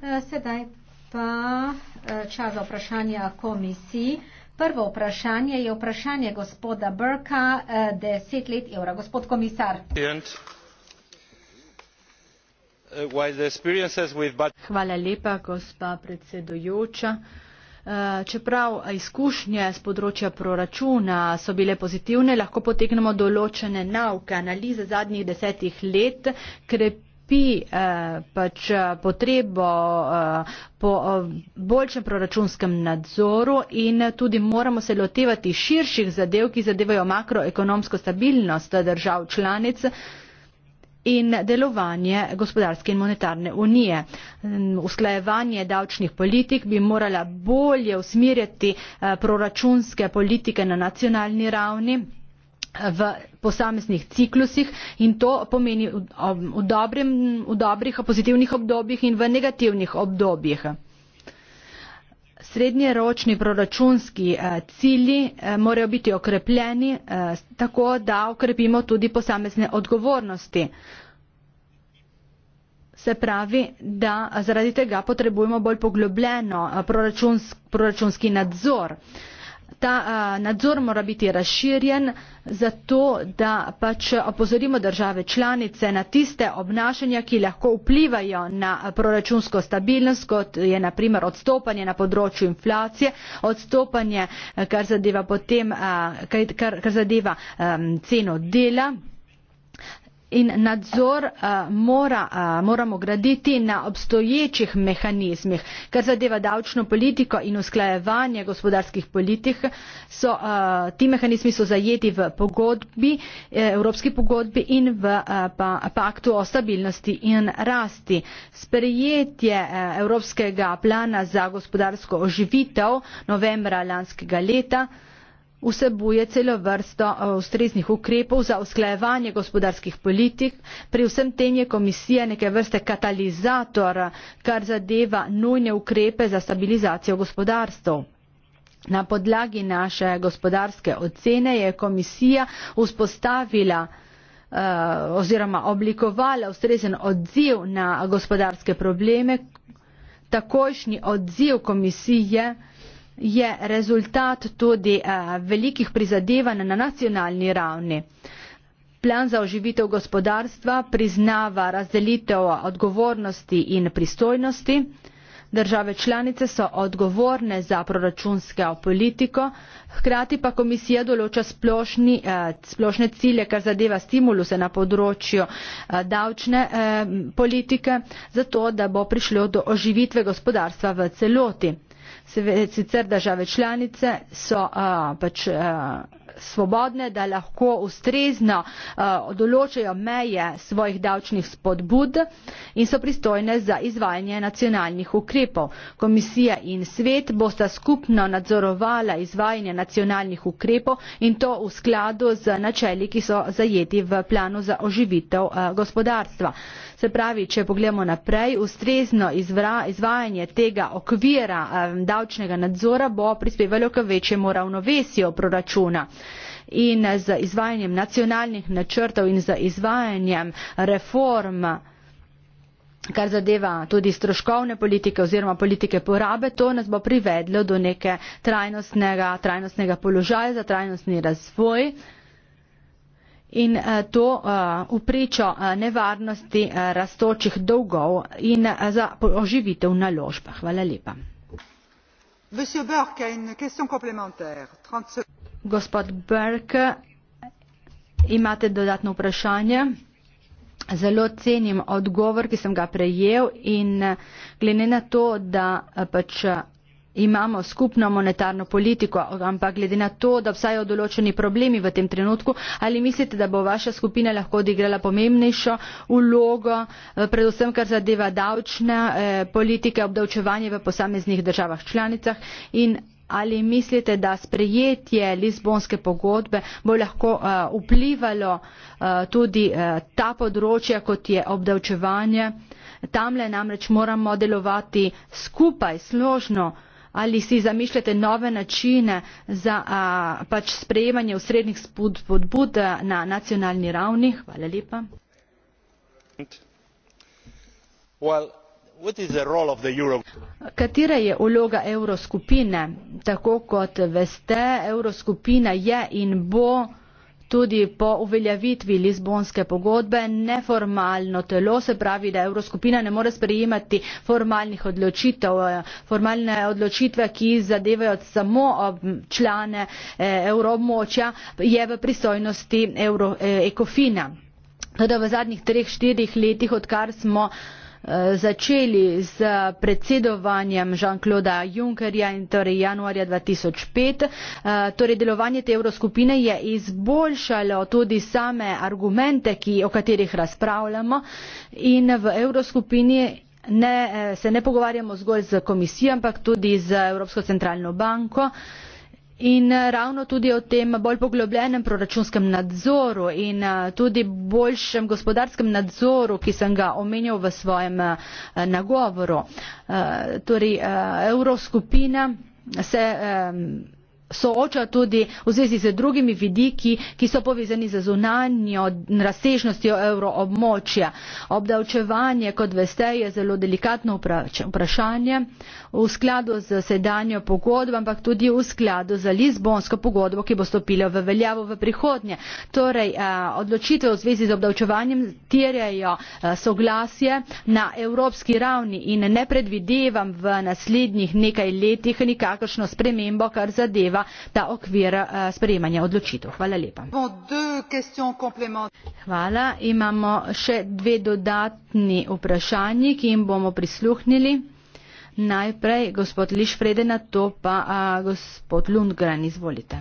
Eh, sedaj pa eh, čas vprašanja komisiji. Prvo vprašanje je vprašanje gospoda Brka, 10 eh, let evra. Gospod komisar. Hvala lepa, gospa predsedujoča. Čeprav izkušnje z področja proračuna so bile pozitivne, lahko potegnemo določene nauke. Analize zadnjih desetih let krepijo krepi eh, pač eh, potrebo eh, po eh, boljšem proračunskem nadzoru in tudi moramo se lotevati širših zadev, ki zadevajo makroekonomsko stabilnost držav članic in delovanje gospodarske in monetarne unije. Usklajevanje davčnih politik bi morala bolje usmirjati eh, proračunske politike na nacionalni ravni v posameznih ciklusih in to pomeni v, dobrem, v dobrih, pozitivnih obdobjih in v negativnih obdobjih. Srednjeročni proračunski eh, cilji eh, morajo biti okrepljeni eh, tako, da okrepimo tudi posamezne odgovornosti. Se pravi, da zaradi tega potrebujemo bolj poglobljeno proračunsk, proračunski nadzor ta nadzor mora biti razširjen zato, da pač opozorimo države članice na tiste obnašanja, ki lahko vplivajo na proračunsko stabilnost, kot je naprimer odstopanje na področju inflacije, odstopanje, kar zadeva, potem, kar, kar zadeva ceno dela. In nadzor uh, mora, uh, moramo graditi na obstoječih mehanizmih. Kar zadeva davčno politiko in usklajevanje gospodarskih politik, so, uh, ti mehanizmi so zajeti v pogodbi, Evropski pogodbi in v uh, pa, paktu o stabilnosti in rasti. Sprejetje uh, Evropskega plana za gospodarsko oživitev novembra lanskega leta vsebuje celo vrsto eh, ustreznih ukrepov za usklajevanje gospodarskih politik pri vsem tem je komisija neke vrste katalizator kar zadeva nujne ukrepe za stabilizacijo gospodarstev. Na podlagi naše gospodarske ocene je komisija vzpostavila eh, oziroma oblikovala ustrezen odziv na gospodarske probleme. Takojšnji odziv komisije je rezultat tudi eh, velikih prizadevanj na nacionalni ravni. Plan za oživitev gospodarstva priznava razdelitev odgovornosti in pristojnosti. Države članice so odgovorne za proračunsko politiko, hkrati pa komisija določa splošni, eh, splošne cilje, kar zadeva stimuluse na področju eh, davčne politike, zato da bo prišlo do oživitve gospodarstva v celoti sicer države članice so pač svobodne da lahko ustrezno eh, določajo meje svojih davčnih spodbud in so pristojne za izvajanje nacionalnih ukrepov. Komisija in svet bosta skupno nadzorovala izvajanje nacionalnih ukrepov in to v skladu z načeli, ki so zajeti v planu za oživitev eh, gospodarstva. Se pravi, če pogledamo naprej, ustrezno izvajanje tega okvira eh, davčnega nadzora bo prispevalo k večjemu ravnovesju proračuna in z izvajanjem nacionalnih načrtov in z izvajanjem reform kar zadeva tudi stroškovne politike oziroma politike porabe, to nas bo privedlo do neke trajnostnega, trajnostnega položaja za trajnostni razvoj in eh, to upričo eh, eh, nevarnosti rastočih dolgov in za oživitev naložb. Hvala lepa. Gospod Berg, imate dodatno vprašanje? Zelo cenim odgovor, ki sem ga prejel in glede na to, da pač imamo skupno monetarno politiko, ampak glede na to, da obstajajo določeni problemi v tem trenutku, ali mislite, da bo vaša skupina lahko odigrala pomembnejšo ulogo, predvsem kar zadeva davčne eh, politike, obdavčevanje v posameznih državah članicah in ali mislite, da sprejetje Lizbonske pogodbe bo lahko uh, vplivalo uh, tudi uh, ta področja, kot je obdavčevanje. Tamle namreč moramo delovati skupaj, složno. Ali si zamišljate nove načine za a, pač sprejemanje srednjih spodbud na nacionalni ravni? Hvala lepa. Well katera je vloga evroskupine tako kot veste evroskupina je in bo tudi po uveljavitvi lizbonske pogodbe neformalno telo se pravi da evroskupina ne more sprejemati formalnih odločitev formalne odločitve ki zadevajo samo člane e, evroobmočja je v pristojnosti ecofina e, toda v zadnjih treh štirih letih odkar smo Eh, začeli z predsedovanjem Jean-Claude Junckerja in torej januarja 2005. Eh, torej delovanje te evroskupine je izboljšalo tudi same argumente, ki, o katerih razpravljamo in v evroskupini ne, eh, se ne pogovarjamo zgolj z komisijo, ampak tudi z Evropsko centralno banko in eh, ravno tudi o tem bolj poglobljenem proračunskem nadzoru in eh, tudi boljšem gospodarskem nadzoru ki sem ga omenjal v svojem eh, nagovoru torej evroskupina se sooča tudi v zvezi z drugimi vidiki, ki so povezani z zunanjo razsežnostjo evroobmočja. Obdavčevanje, kot veste, je zelo delikatno vprašanje v skladu z sedanjo pogodbo, ampak tudi v skladu z Lizbonsko pogodbo, ki bo stopila v veljavo v prihodnje. Torej, eh, odločitve v zvezi z obdavčevanjem tirjajo eh, soglasje na evropski ravni in ne predvidevam v naslednjih nekaj letih nikakršno spremembo, kar zadeva pokriva ta okvir eh, sprejemanja odločitev. hvala lepa. hvala. imamo še dve dodatni vprašanji, ki jim bomo prisluhnili. najprej gospod Lišfrede, na to pa a, eh, gospod Lundgren, izvolite.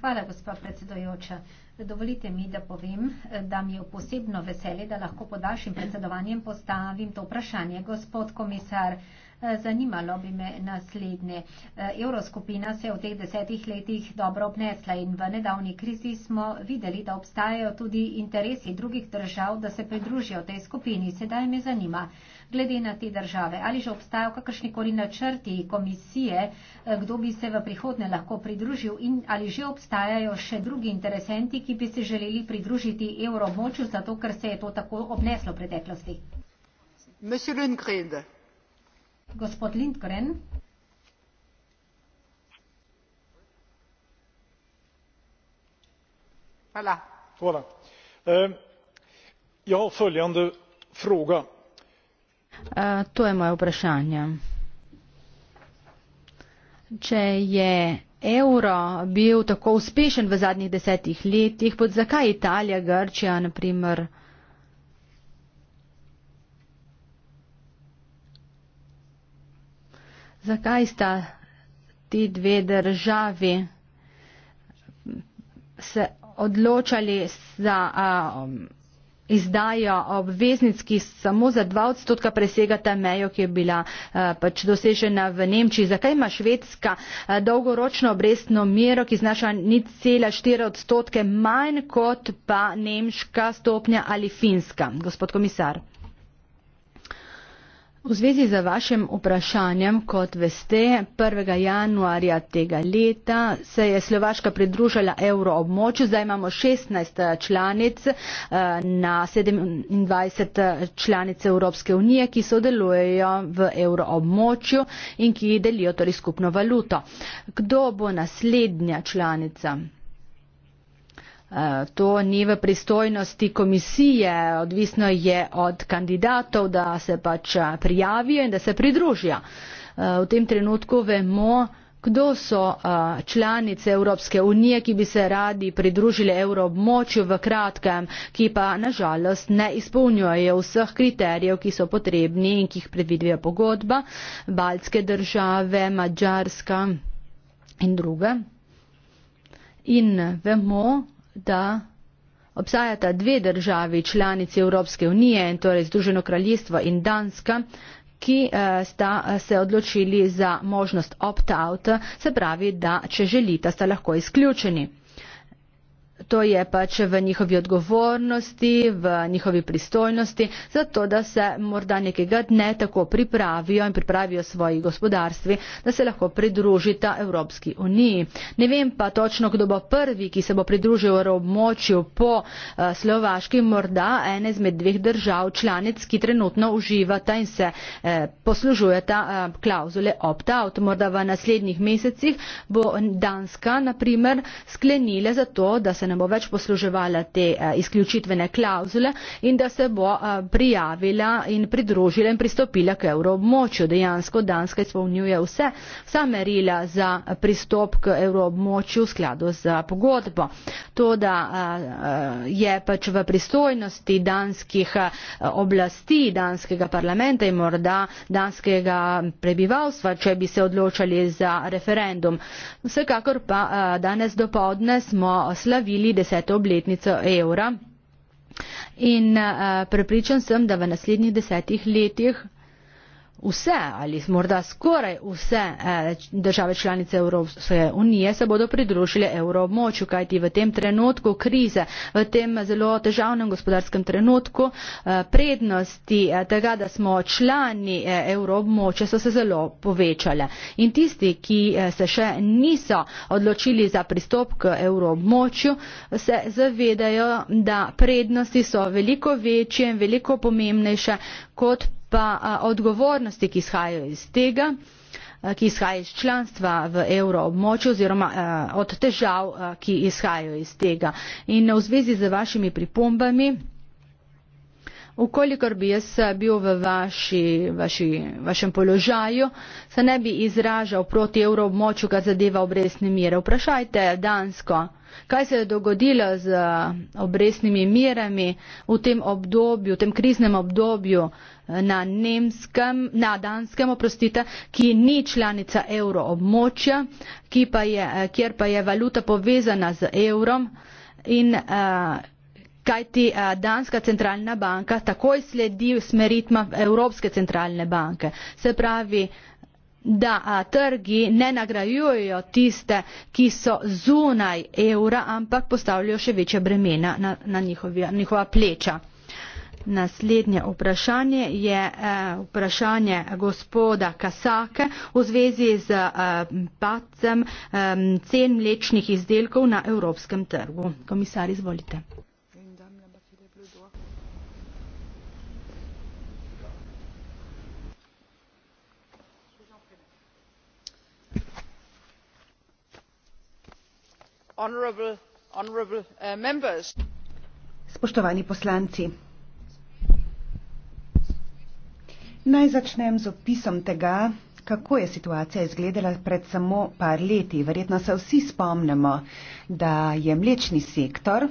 Hvala, gospod predsedojoča. Dovolite mi, da povem, da mi je posebno veselje, da lahko pod vašim predsedovanjem postavim to vprašanje. Gospod komisar, zanimalo bi me naslednje. Evroskupina se je v teh desetih letih dobro obnesla in v nedavni krizi smo videli, da obstajajo tudi interesi drugih držav, da se pridružijo tej skupini. Sedaj me zanima, glede na te države, ali že obstajajo kakršnikoli načrti komisije, eh, kdo bi se v prihodne lahko pridružil in ali že obstajajo še drugi interesenti, ki bi se želeli pridružiti evromoču, zato ker se je to tako obneslo v preteklosti. Gospod Lindgren. Hvala. Hvala. Uh, ja, följande fråga. Uh, to je moje vprašanje. Če je evro bil tako uspešen v zadnjih desetih letih, pod zakaj Italija, Grčija, naprimer? Zakaj sta ti dve državi se odločali za. Um, izdajo obveznic, ki samo za dva odstotka presegata mejo, ki je bila eh, pač dosežena v Nemčiji. Zakaj ima Švedska eh, dolgoročno obrestno mero, ki znaša ni cela štiri odstotke manj kot pa nemška stopnja ali finska, gospod komisar? V zvezi z vašim vprašanjem, kot veste, 1. januarja tega leta se je Slovaška pridružila evroobmočju, zdaj imamo 16 eh, članic eh, na 27 eh, članic Evropske unije, ki sodelujejo v evroobmočju in ki delijo torej skupno valuto. Kdo bo naslednja članica? Eh, to ni v pristojnosti komisije, odvisno je od kandidatov, da se pač eh, prijavijo in da se pridružijo. Eh, v tem trenutku vemo, kdo so članice Evropske unije, ki bi se radi pridružili evroobmočju v kratkem, ki pa nažalost ne izpolnjujejo vseh kriterijev, ki so potrebni in ki jih predvidijo pogodba, baltske države, Mačarska in druge. In vemo, da obstajata dve državi članici Evropske unije, torej Združeno kraljestvo in Danska, ki eh, sta eh, se odločili za možnost opt-out, se pravi, da če želita, sta lahko izključeni. To je pač v njihovi odgovornosti, v njihovi pristojnosti, zato da se morda nekega dne tako pripravijo in pripravijo svoji gospodarstvi, da se lahko pridružita Evropski uniji. Ne vem pa točno, kdo bo prvi, ki se bo pridružil v območju po eh, Slovaški, morda ene izmed dveh držav članic, ki trenutno uživata in se eh, poslužujeta eh, klauzule opt-out. Morda v naslednjih mesecih bo Danska, na primer, sklenila za to, da se ne bo več posluževala te eh, izključitvene klauzule in da se bo eh, prijavila in pridružila in pristopila k evroobmočju. Dejansko Danska izpolnjuje vse, vsa merila za pristop k evroobmočju v skladu z pogodbo. To, da eh, je pač v pristojnosti danskih oblasti, danskega parlamenta in morda danskega prebivalstva, če bi se odločali za referendum. Vsekakor pa danes dopoledne smo slavili praznovali deseto obletnico evra in eh, prepričan sem, da v naslednjih desetih letih vse ali morda skoraj vse eh, države članice Evropske unije se bodo pridružile evroobmočju, kajti v tem trenutku krize, v tem zelo težavnem gospodarskem trenutku eh, prednosti eh, tega, da smo člani evroobmočja, so se zelo povečale. In tisti, ki se še niso odločili za pristop k evroobmočju, se zavedajo, da prednosti so veliko večje in veliko pomembnejše kot pa odgovornosti ki izhajajo iz tega ki izhaja iz članstva v evroobmočju oziroma eh, od težav, eh, ki izhajajo iz tega. In v zvezi z vašimi pripombami, ukolikor bi jaz bil v vaši, vaši, vašem položaju, se ne bi izražal proti evroobmočju, kar zadeva obresne mire. Vprašajte Dansko, kaj se je dogodilo z obresnimi mirami v tem obdobju, v tem kriznem obdobju, eh, na nemskem, na danskem, oprostite, ki ni članica evroobmočja, pa je, eh, kjer pa je valuta povezana z evrom in eh, kajti eh, Danska centralna banka takoj sledi smeritma Evropske centralne banke. Se pravi, da a, trgi ne nagrajujejo tiste, ki so zunaj evra, ampak postavljajo še večja bremena na, na njihovi, njihova pleča. Naslednje vprašanje je eh, vprašanje gospoda Kasake v zvezi z eh, padcem eh, cen mlečnih izdelkov na evropskem trgu. Komisar, izvolite. Honorable, honorable, uh, Spoštovani poslanci. Naj začnem z opisom tega, kako je situacija izgledala pred samo par leti. Verjetno se vsi spomnimo, da je mlečni sektor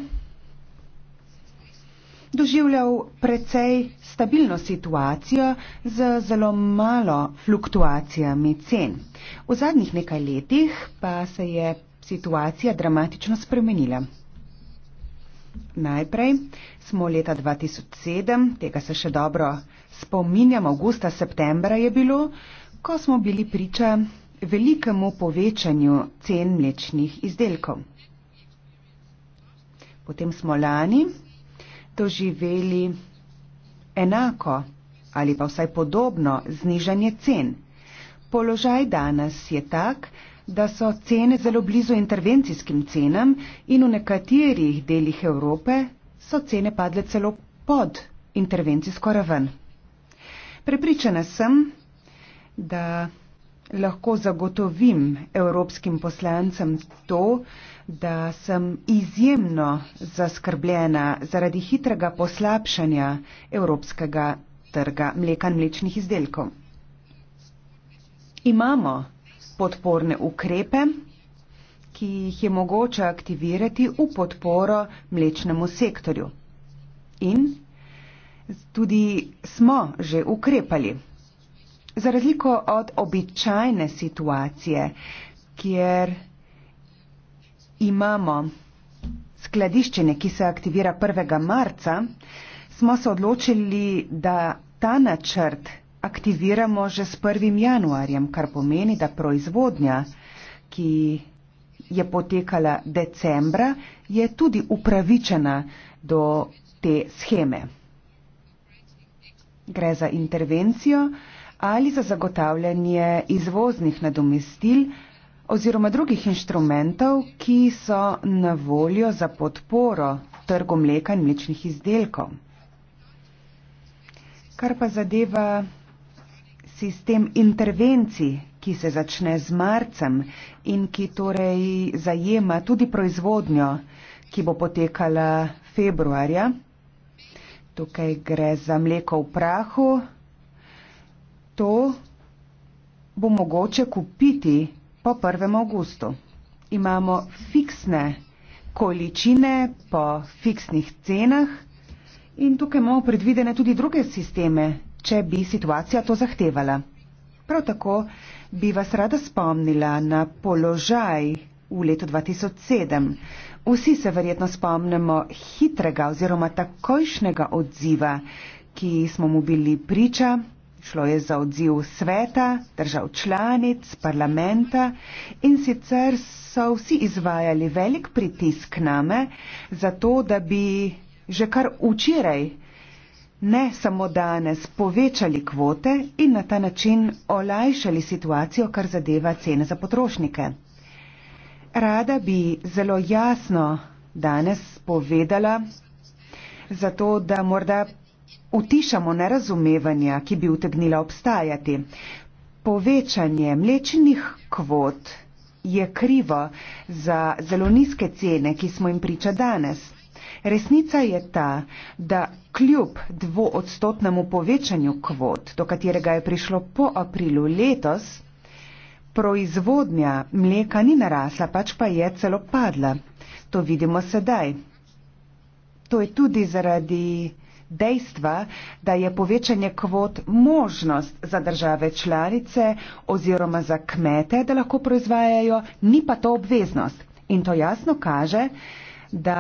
doživljal precej stabilno situacijo z zelo malo fluktuacijami cen. V zadnjih nekaj letih pa se je situacija dramatično spremenila. Najprej smo leta 2007, tega se še dobro spominjam, avgusta, septembra je bilo, ko smo bili priča velikemu povečanju cen mlečnih izdelkov. Potem smo lani doživeli enako ali pa vsaj podobno znižanje cen. Položaj danes je tak, da so cene zelo blizu intervencijskim cenam in v nekaterih delih Evrope so cene padle celo pod intervencijsko raven. Prepričana sem, da lahko zagotovim evropskim poslancem to, da sem izjemno zaskrbljena zaradi hitrega poslabšanja evropskega trga mleka in mlečnih izdelkov. Imamo podporne ukrepe, ki jih je mogoče aktivirati v podporo mlečnemu sektorju. In tudi smo že ukrepali. Za razliko od običajne situacije, kjer imamo skladiščenje, ki se aktivira 1. marca, smo se odločili, da ta načrt aktiviramo že s 1. januarjem, kar pomeni, da proizvodnja, ki je potekala decembra, je tudi upravičena do te scheme. Gre za intervencijo ali za zagotavljanje izvoznih nadomestil oziroma drugih inštrumentov, ki so na voljo za podporo trgu mleka in mlečnih izdelkov. Kar pa zadeva sistem intervencij, ki se začne z marcem in ki torej zajema tudi proizvodnjo, ki bo potekala februarja Tukaj gre za mleko v prahu. To bo mogoče kupiti po 1. augustu. Imamo fiksne količine po fiksnih cenah in tukaj imamo predvidene tudi druge sisteme, če bi situacija to zahtevala. Prav tako bi vas rada spomnila na položaj v letu 2007. Vsi se verjetno spomnimo hitrega oziroma takojšnjega odziva, ki smo mu bili priča. Šlo je za odziv sveta, držav članic, parlamenta in sicer so vsi izvajali velik pritisk name za to, da bi že kar včeraj, ne samo danes, povečali kvote in na ta način olajšali situacijo, kar zadeva cene za potrošnike. Rada bi zelo jasno danes povedala, zato da morda utišamo nerazumevanja, ki bi utegnila obstajati. Povečanje mlečnih kvot je krivo za zelo nizke cene, ki smo jim priča danes. Resnica je ta, da kljub dvoodstotnemu povečanju kvot, do katerega je prišlo po aprilu letos, Proizvodnja mleka ni narasla, pač pa je celo padla. To vidimo sedaj. To je tudi zaradi dejstva, da je povečanje kvot možnost za države članice oziroma za kmete, da lahko proizvajajo, ni pa to obveznost. In to jasno kaže, da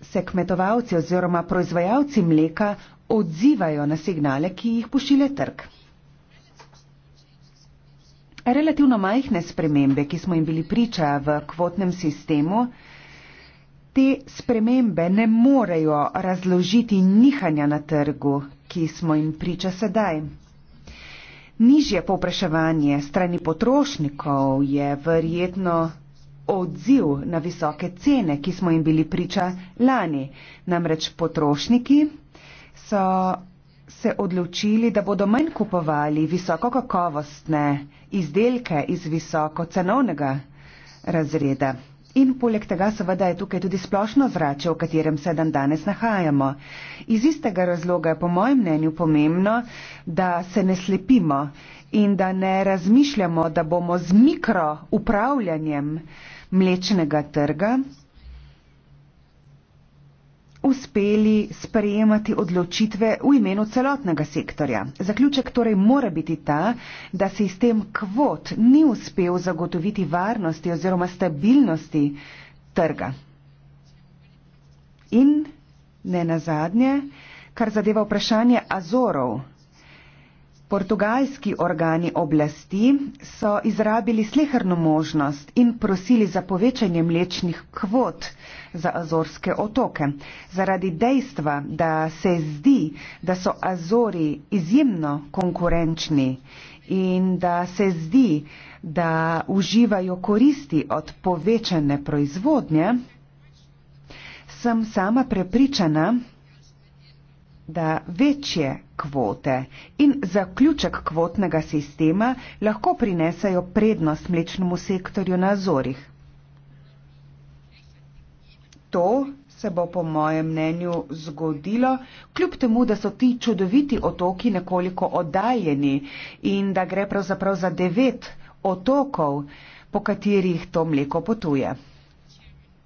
se kmetovalci oziroma proizvajalci mleka odzivajo na signale, ki jih pošilja trg relativno majhne spremembe, ki smo jim bili priča v kvotnem sistemu, te spremembe ne morejo razložiti nihanja na trgu, ki smo jim priča sedaj. Nižje povpraševanje strani potrošnikov je verjetno odziv na visoke cene, ki smo jim bili priča lani. Namreč potrošniki so se odločili, da bodo manj kupovali visokokakovostne izdelke iz visokocenovnega razreda. In poleg tega seveda je tukaj tudi splošno zrače, v katerem se dan danes nahajamo. Iz istega razloga je po mojem mnenju pomembno, da se ne slepimo in da ne razmišljamo, da bomo z mikro upravljanjem mlečnega trga uspeli sprejemati odločitve v imenu celotnega sektorja. Zaključek torej mora biti ta, da sistem kvot ni uspel zagotoviti varnosti oziroma stabilnosti trga. In ne nazadnje, kar zadeva vprašanje Azorov, Portugalski organi oblasti so izrabili slehrno možnost in prosili za povečanje mlečnih kvot za Azorske otoke, zaradi dejstva, da se zdi, da so Azori izjemno konkurenčni in da se zdi, da uživajo koristi od povečane proizvodnje, sem sama prepričana, da večje kvote in zaključek kvotnega sistema lahko prinesajo prednost mlečnemu sektorju na Azorih. To se bo po mojem mnenju zgodilo, kljub temu, da so ti čudoviti otoki nekoliko oddaljeni in da gre pravzaprav za devet otokov, po katerih to mleko potuje.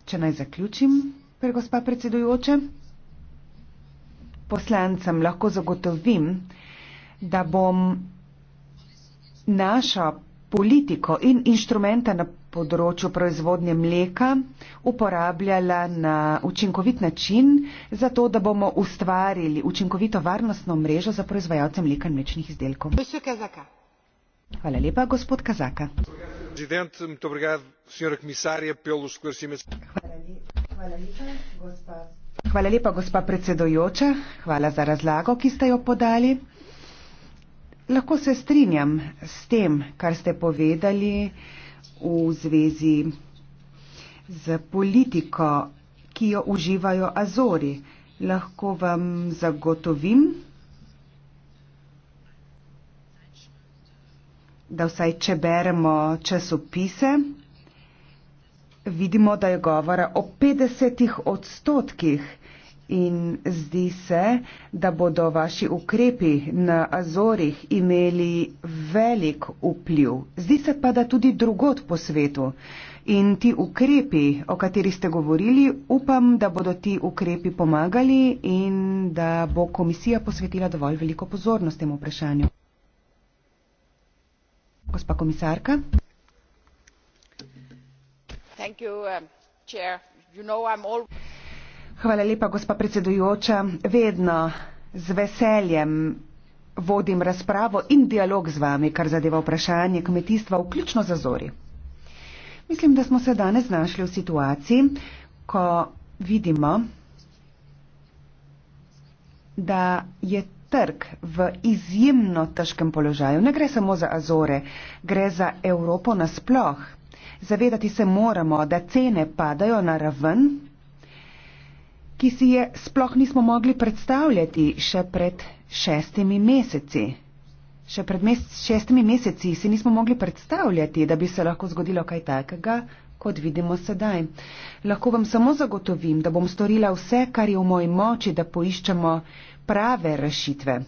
Če naj zaključim, pre gospa predsedujoče poslancem lahko zagotovim, da bom naša politiko in inštrumenta na področju proizvodnje mleka uporabljala na učinkovit način, zato da bomo ustvarili učinkovito varnostno mrežo za proizvajalce mleka in mlečnih izdelkov. Hvala lepa, gospod Kazaka. Hvala lepa, gospod Kazaka. Hvala lepa, gospa predsedojoča. Hvala za razlago, ki ste jo podali. Lahko se strinjam s tem, kar ste povedali v zvezi z politiko, ki jo uživajo Azori. Lahko vam zagotovim, da vsaj če beremo časopise, vidimo, da je govora o 50 odstotkih in zdi se, da bodo vaši ukrepi na Azorih imeli velik vpliv. Zdi se pa, da tudi drugot po svetu. In ti ukrepi, o katerih ste govorili, upam, da bodo ti ukrepi pomagali in da bo komisija posvetila dovolj veliko pozornost temu vprašanju. Gospa komisarka. Um, vedno z veseljem vodim razpravo in dialog z vami kar zadeva vprašanje kmetijstva vključno za zori mislim da smo se danes znašli v situaciji ko vidimo da je trg v izjemno težkem položaju. Ne gre samo za Azore, gre za Evropo nasploh. Zavedati se moramo, da cene padajo na raven, ki si je sploh nismo mogli predstavljati še pred šestimi meseci. Še pred mes šestimi meseci si nismo mogli predstavljati, da bi se lahko zgodilo kaj takega, kot vidimo sedaj. Lahko vam samo zagotovim, da bom storila vse, kar je v moji moči, da poiščemo prave rešitve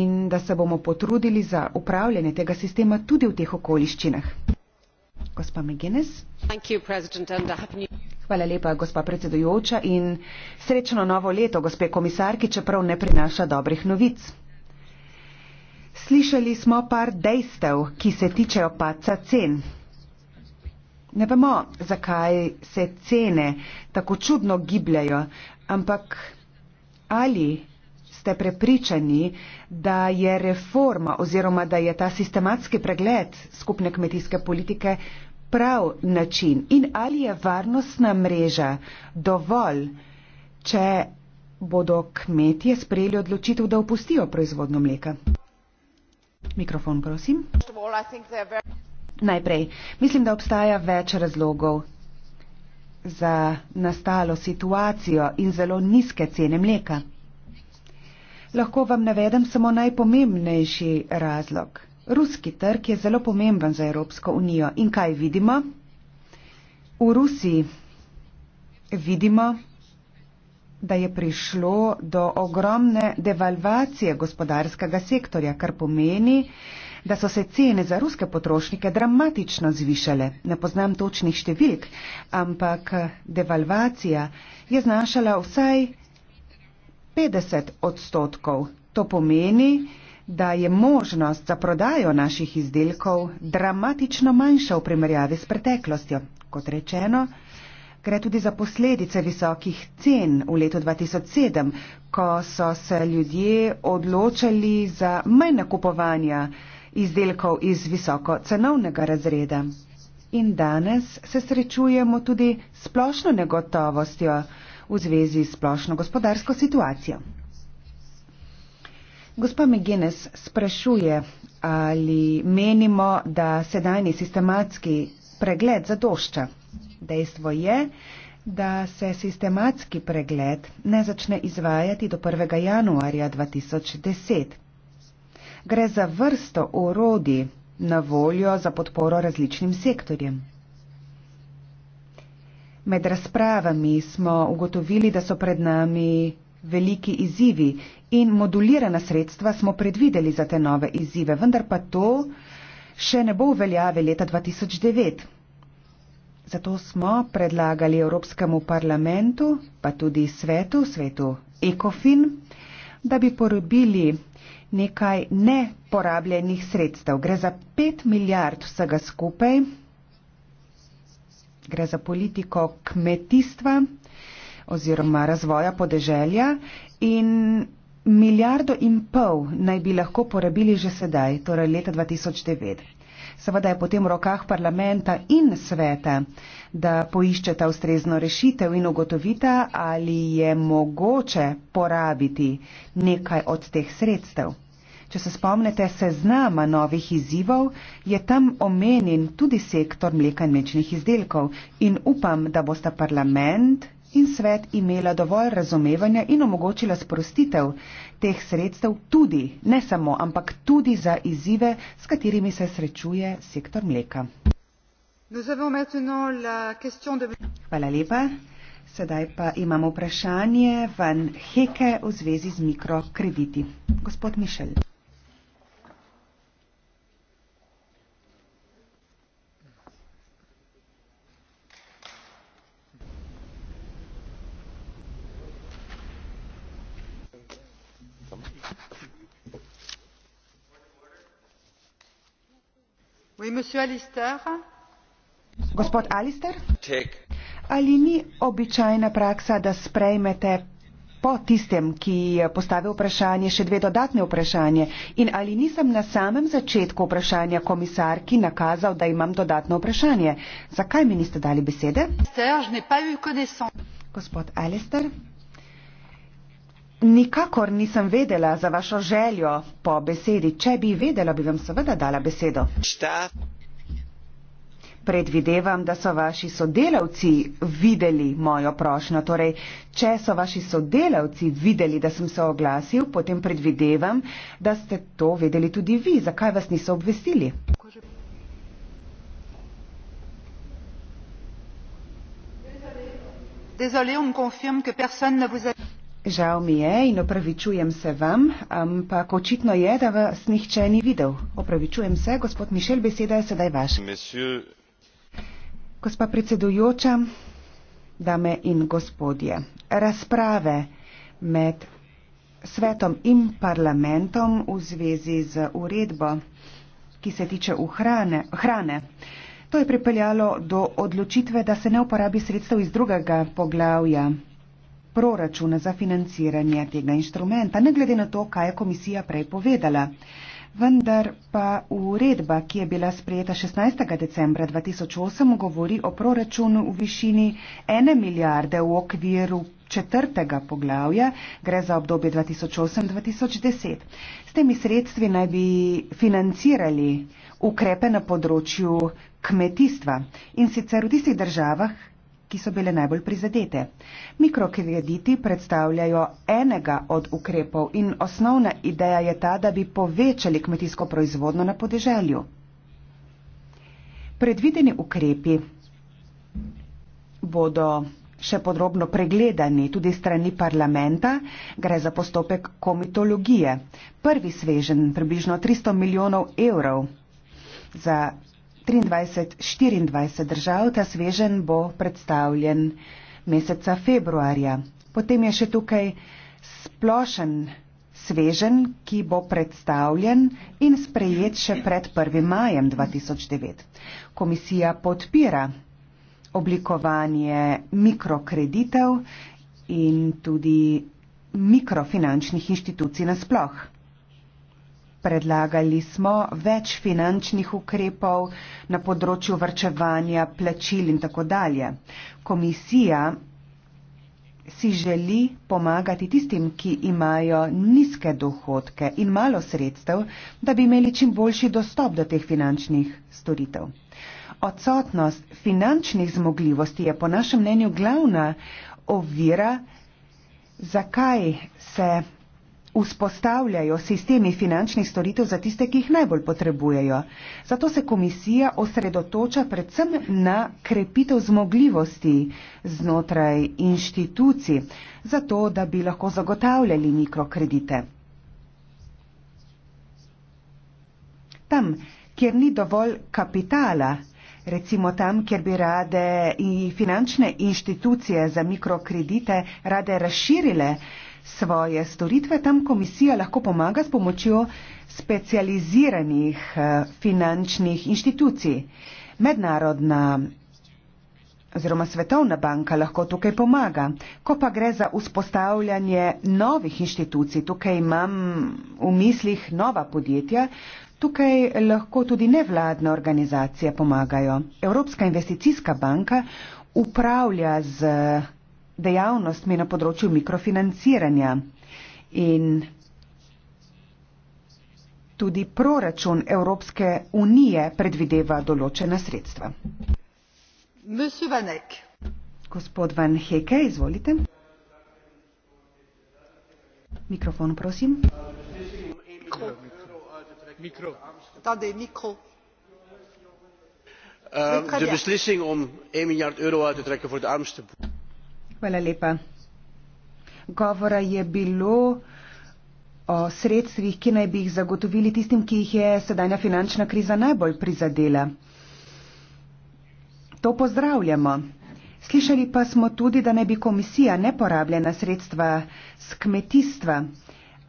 in da se bomo potrudili za upravljanje tega sistema tudi v teh okoliščinah. Hvala lepa, gospa predsedujoča, in srečno novo leto, gospe komisarki, čeprav ne prinaša dobrih novic. Slišali smo par dejstev, ki se tičejo paca cen. Ne vemo, zakaj se cene tako čudno gibljajo, ampak ali ste prepričani, da je reforma oziroma da je ta sistematski pregled skupne kmetijske politike prav način in ali je varnostna mreža dovolj, če bodo kmetje sprejeli odločitev, da opustijo proizvodno mleka. Mikrofon, prosim. Najprej, mislim, da obstaja več razlogov za nastalo situacijo in zelo nizke cene mleka. Lahko vam navedem samo najpomembnejši razlog. Ruski trg je zelo pomemben za Evropsko unijo. In kaj vidimo? V Rusiji vidimo, da je prišlo do ogromne devalvacije gospodarskega sektorja, kar pomeni, da so se cene za ruske potrošnike dramatično zvišale. Ne poznam točnih številk, ampak devalvacija je znašala vsaj 50 odstotkov. To pomeni, da je možnost za prodajo naših izdelkov dramatično manjša v primerjavi s preteklostjo. Kot rečeno, gre tudi za posledice visokih cen v letu 2007, ko so se ljudje odločali za manj nakupovanja izdelkov iz visokocenovnega razreda. In danes se srečujemo tudi s splošno negotovostjo v zvezi s splošno gospodarsko situacijo. Gospa Megines sprašuje, ali menimo, da sedajni sistematski pregled zadošča. Dejstvo je, da se sistematski pregled ne začne izvajati do 1. januarja 2010. Gre za vrsto orodij na voljo za podporo različnim sektorjem. Med razpravami smo ugotovili, da so pred nami veliki izzivi in modulirana sredstva smo predvideli za te nove izzive, vendar pa to še ne bo uveljave leta 2009. Zato smo predlagali Evropskemu parlamentu, pa tudi svetu, svetu ECOFIN, da bi porobili nekaj neporabljenih sredstev. Gre za 5 milijard vsega skupaj, gre za politiko kmetijstva oziroma razvoja podeželja in milijardo in pol naj bi lahko porabili že sedaj, torej leta 2009. Seveda je potem v rokah parlamenta in sveta, da poiščeta ustrezno rešitev in ugotovita, ali je mogoče porabiti nekaj od teh sredstev. Če se spomnite seznama novih izzivov, je tam omenjen tudi sektor mleka in mlečnih izdelkov in upam, da bosta parlament in svet imela dovolj razumevanja in omogočila sprostitev teh sredstev tudi, ne samo, ampak tudi za izzive, s katerimi se srečuje sektor mleka. Hvala lepa. Sedaj pa imamo vprašanje van Heke v zvezi z mikrokrediti. Gospod Mišel. gospod Alister, ali ni običajna praksa, da sprejmete po tistem, ki je postavil vprašanje, še dve dodatne vprašanje in ali nisem na samem začetku vprašanja komisarki nakazal, da imam dodatno vprašanje? Zakaj mi niste dali besede? Gospod Alister, Nikakor nisem vedela za vašo željo po besedi. Če bi vedela, bi vam seveda dala besedo. Predvidevam, da so vaši sodelavci videli mojo prošnjo. Torej, če so vaši sodelavci videli, da sem se oglasil, potem predvidevam, da ste to vedeli tudi vi. Zakaj vas niso obvestili? Desolé, Žal mi je in opravičujem se vam, ampak očitno je, da vas nihče ni videl. Opravičujem se, gospod Mišel, beseda je sedaj vaša. Monsieur... Gospa predsedujoča, dame in gospodje, razprave med svetom in parlamentom v zvezi z uredbo, ki se tiče uhrane, hrane. To je pripeljalo do odločitve, da se ne uporabi sredstev iz drugega poglavja proračuna za financiranje tega inštrumenta, ne glede na to, kaj je komisija prej povedala. Vendar pa uredba, ki je bila sprejeta 16. decembra 2008, govori o proračunu v višini 1 milijarde v okviru četrtega poglavja, gre za obdobje 2008-2010. S temi sredstvi naj bi financirali ukrepe na področju kmetijstva in sicer v tistih državah, ki so bile najbolj prizadete. Mikrokrediti predstavljajo enega od ukrepov in osnovna ideja je ta, da bi povečali kmetijsko proizvodno na podeželju. Predvideni ukrepi bodo še podrobno pregledani tudi strani parlamenta, gre za postopek komitologije. Prvi svežen, približno 300 milijonov evrov za 23-24 držav. Ta svežen bo predstavljen meseca februarja. Potem je še tukaj splošen svežen, ki bo predstavljen in sprejet še pred 1. majem 2009. Komisija podpira oblikovanje mikrokreditev in tudi mikrofinančnih inštitucij nasploh. Predlagali smo več finančnih ukrepov na področju vrčevanja, plačil in tako dalje. Komisija si želi pomagati tistim, ki imajo nizke dohodke in malo sredstev, da bi imeli čim boljši dostop do teh finančnih storitev. Odsotnost finančnih zmogljivosti je po našem mnenju glavna ovira, zakaj se vzpostavljajo sistemi finančnih storitev za tiste, ki jih najbolj potrebujejo. Zato se komisija osredotoča predvsem na krepitev zmogljivosti znotraj inštitucij, zato da bi lahko zagotavljali mikrokredite. Tam, kjer ni dovolj kapitala, recimo tam, kjer bi rade in finančne inštitucije za mikrokredite rade razširile, svoje storitve, tam komisija lahko pomaga s pomočjo specializiranih eh, finančnih inštitucij. Mednarodna oziroma Svetovna banka lahko tukaj pomaga. Ko pa gre za vzpostavljanje novih inštitucij, tukaj imam v mislih nova podjetja, tukaj lahko tudi nevladne organizacije pomagajo. Evropska investicijska banka upravlja z dejavnostmi na področju mikrofinanciranja. In tudi proračun Evropske unije predvideva določena sredstva. Gospod Van Heke, izvolite. Mikrofon, prosim. Mikro. Tade, mikro. Uh, de ja. beslissing om 1 miljard euro uit te trekken voor de armste. Hvala lepa. Govora je bilo o sredstvih, ki naj bi jih zagotovili tistim, ki jih je sedanja finančna kriza najbolj prizadela. To pozdravljamo. Slišali pa smo tudi, da naj bi komisija ne porabljena sredstva z kmetijstva,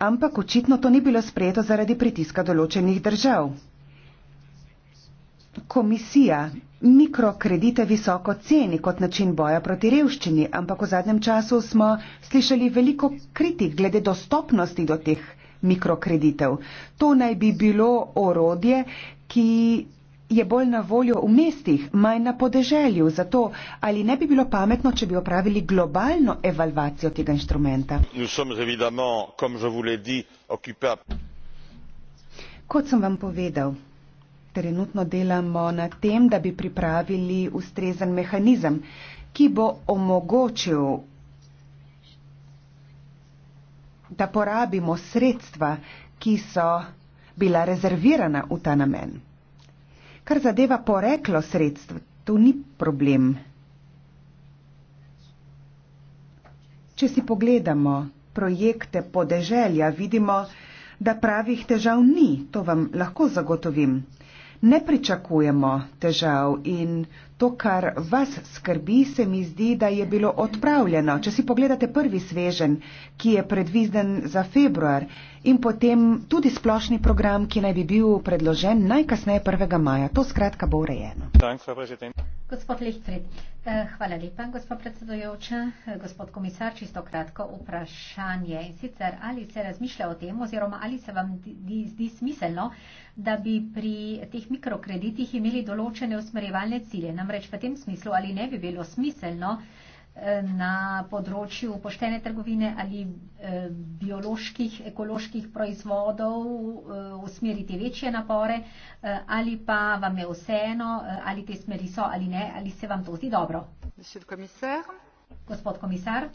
ampak očitno to ni bilo sprejeto zaradi pritiska določenih držav. Komisija mikrokredite visoko ceni kot način boja proti revščini, ampak v zadnjem času smo slišali veliko kritik glede dostopnosti do teh mikrokreditev. To naj bi bilo orodje, ki je bolj na voljo v mestih, manj na podeželju. Zato ali ne bi bilo pametno, če bi opravili globalno evalvacijo tega inštrumenta? Kot sem vam povedal, trenutno delamo na tem, da bi pripravili ustrezen mehanizem, ki bo omogočil, da porabimo sredstva, ki so bila rezervirana v ta namen. Kar zadeva poreklo sredstv, to ni problem. Če si pogledamo projekte podeželja, vidimo, da pravih težav ni, to vam lahko zagotovim ne pričakujemo težav in to, kar vas skrbi, se mi zdi, da je bilo odpravljeno. Če si pogledate prvi svežen, ki je predvizden za februar, in potem tudi splošni program, ki naj bi bil predložen najkasneje 1. maja. To skratka bo urejeno. Gospod Lihtred, eh, hvala lepa, gospod predsedojoča. Eh, gospod komisar, čisto kratko vprašanje. Sicer ali se razmišlja o tem, oziroma ali se vam di, zdi smiselno, da bi pri teh mikrokreditih imeli določene usmerjevalne cilje. Namreč v tem smislu, ali ne bi bilo smiselno, na področju poštene trgovine ali eh, bioloških, ekoloških proizvodov eh, usmeriti večje napore eh, ali pa vam je vseeno, ali te smeri so ali ne, ali se vam to zdi dobro. Gospod komisar.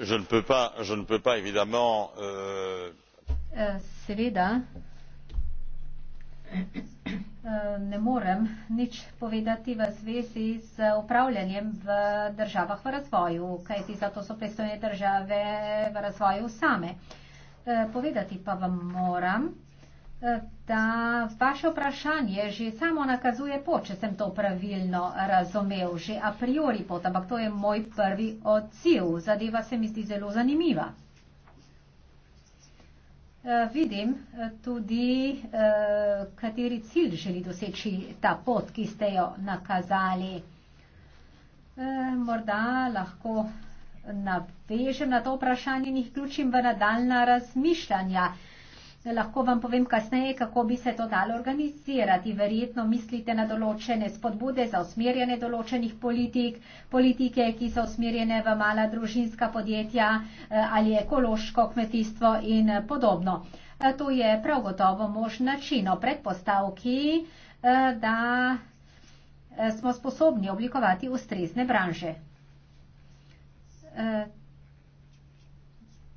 Je ne peux pas, je ne peux pas, évidemment. Euh... Euh, Eh, ne morem nič povedati v zvezi z upravljanjem v državah v razvoju, kajti zato so pristojne države v razvoju same. Eh, povedati pa vam moram, eh, da vaše vprašanje že samo nakazuje pot, če sem to pravilno razumel, že a priori pot, ampak to je moj prvi odziv. Zadeva se mi zdi zelo zanimiva. Eh, vidim eh, tudi, eh, kateri cilj želi doseči ta pot, ki ste jo nakazali. Morda lahko navežem na to vprašanje in jih vključim v nadaljna razmišljanja. Lahko vam povem kasneje, kako bi se to dalo organizirati. Verjetno mislite na določene spodbude za usmerjanje določenih politik, politike, ki so usmerjene v mala družinska podjetja eh, ali ekološko kmetijstvo in eh, podobno. Eh, to je prav gotovo možno način o predpostavki, da smo sposobni oblikovati ustrezne branže.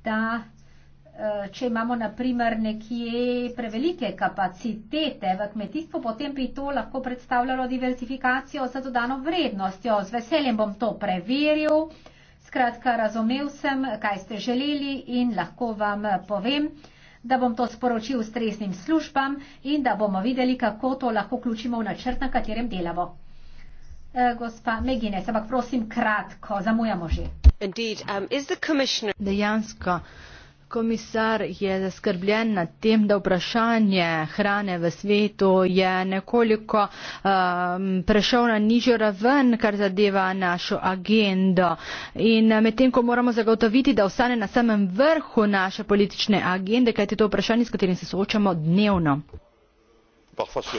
Da Eh, če imamo naprimer nekje prevelike kapacitete v kmetijstvu, potem bi to lahko predstavljalo diversifikacijo za dodano vrednostjo. Z veseljem bom to preveril. Skratka, razumel sem, kaj ste želeli in lahko vam eh, povem, da bom to sporočil stresnim službam in da bomo videli, kako to lahko vključimo v načrt, na katerem delamo. Eh, gospa Megine, se pa prosim kratko, zamujamo že. Um, Dejansko Komisar je zaskrbljen nad tem, da vprašanje hrane v svetu je nekoliko um, prešel na nižjo raven, kar zadeva našo agendo. In eh, medtem, ko moramo zagotoviti, da ostane na samem vrhu naše politične agende, kaj je to vprašanje, s katerim se soočamo dnevno. Euh,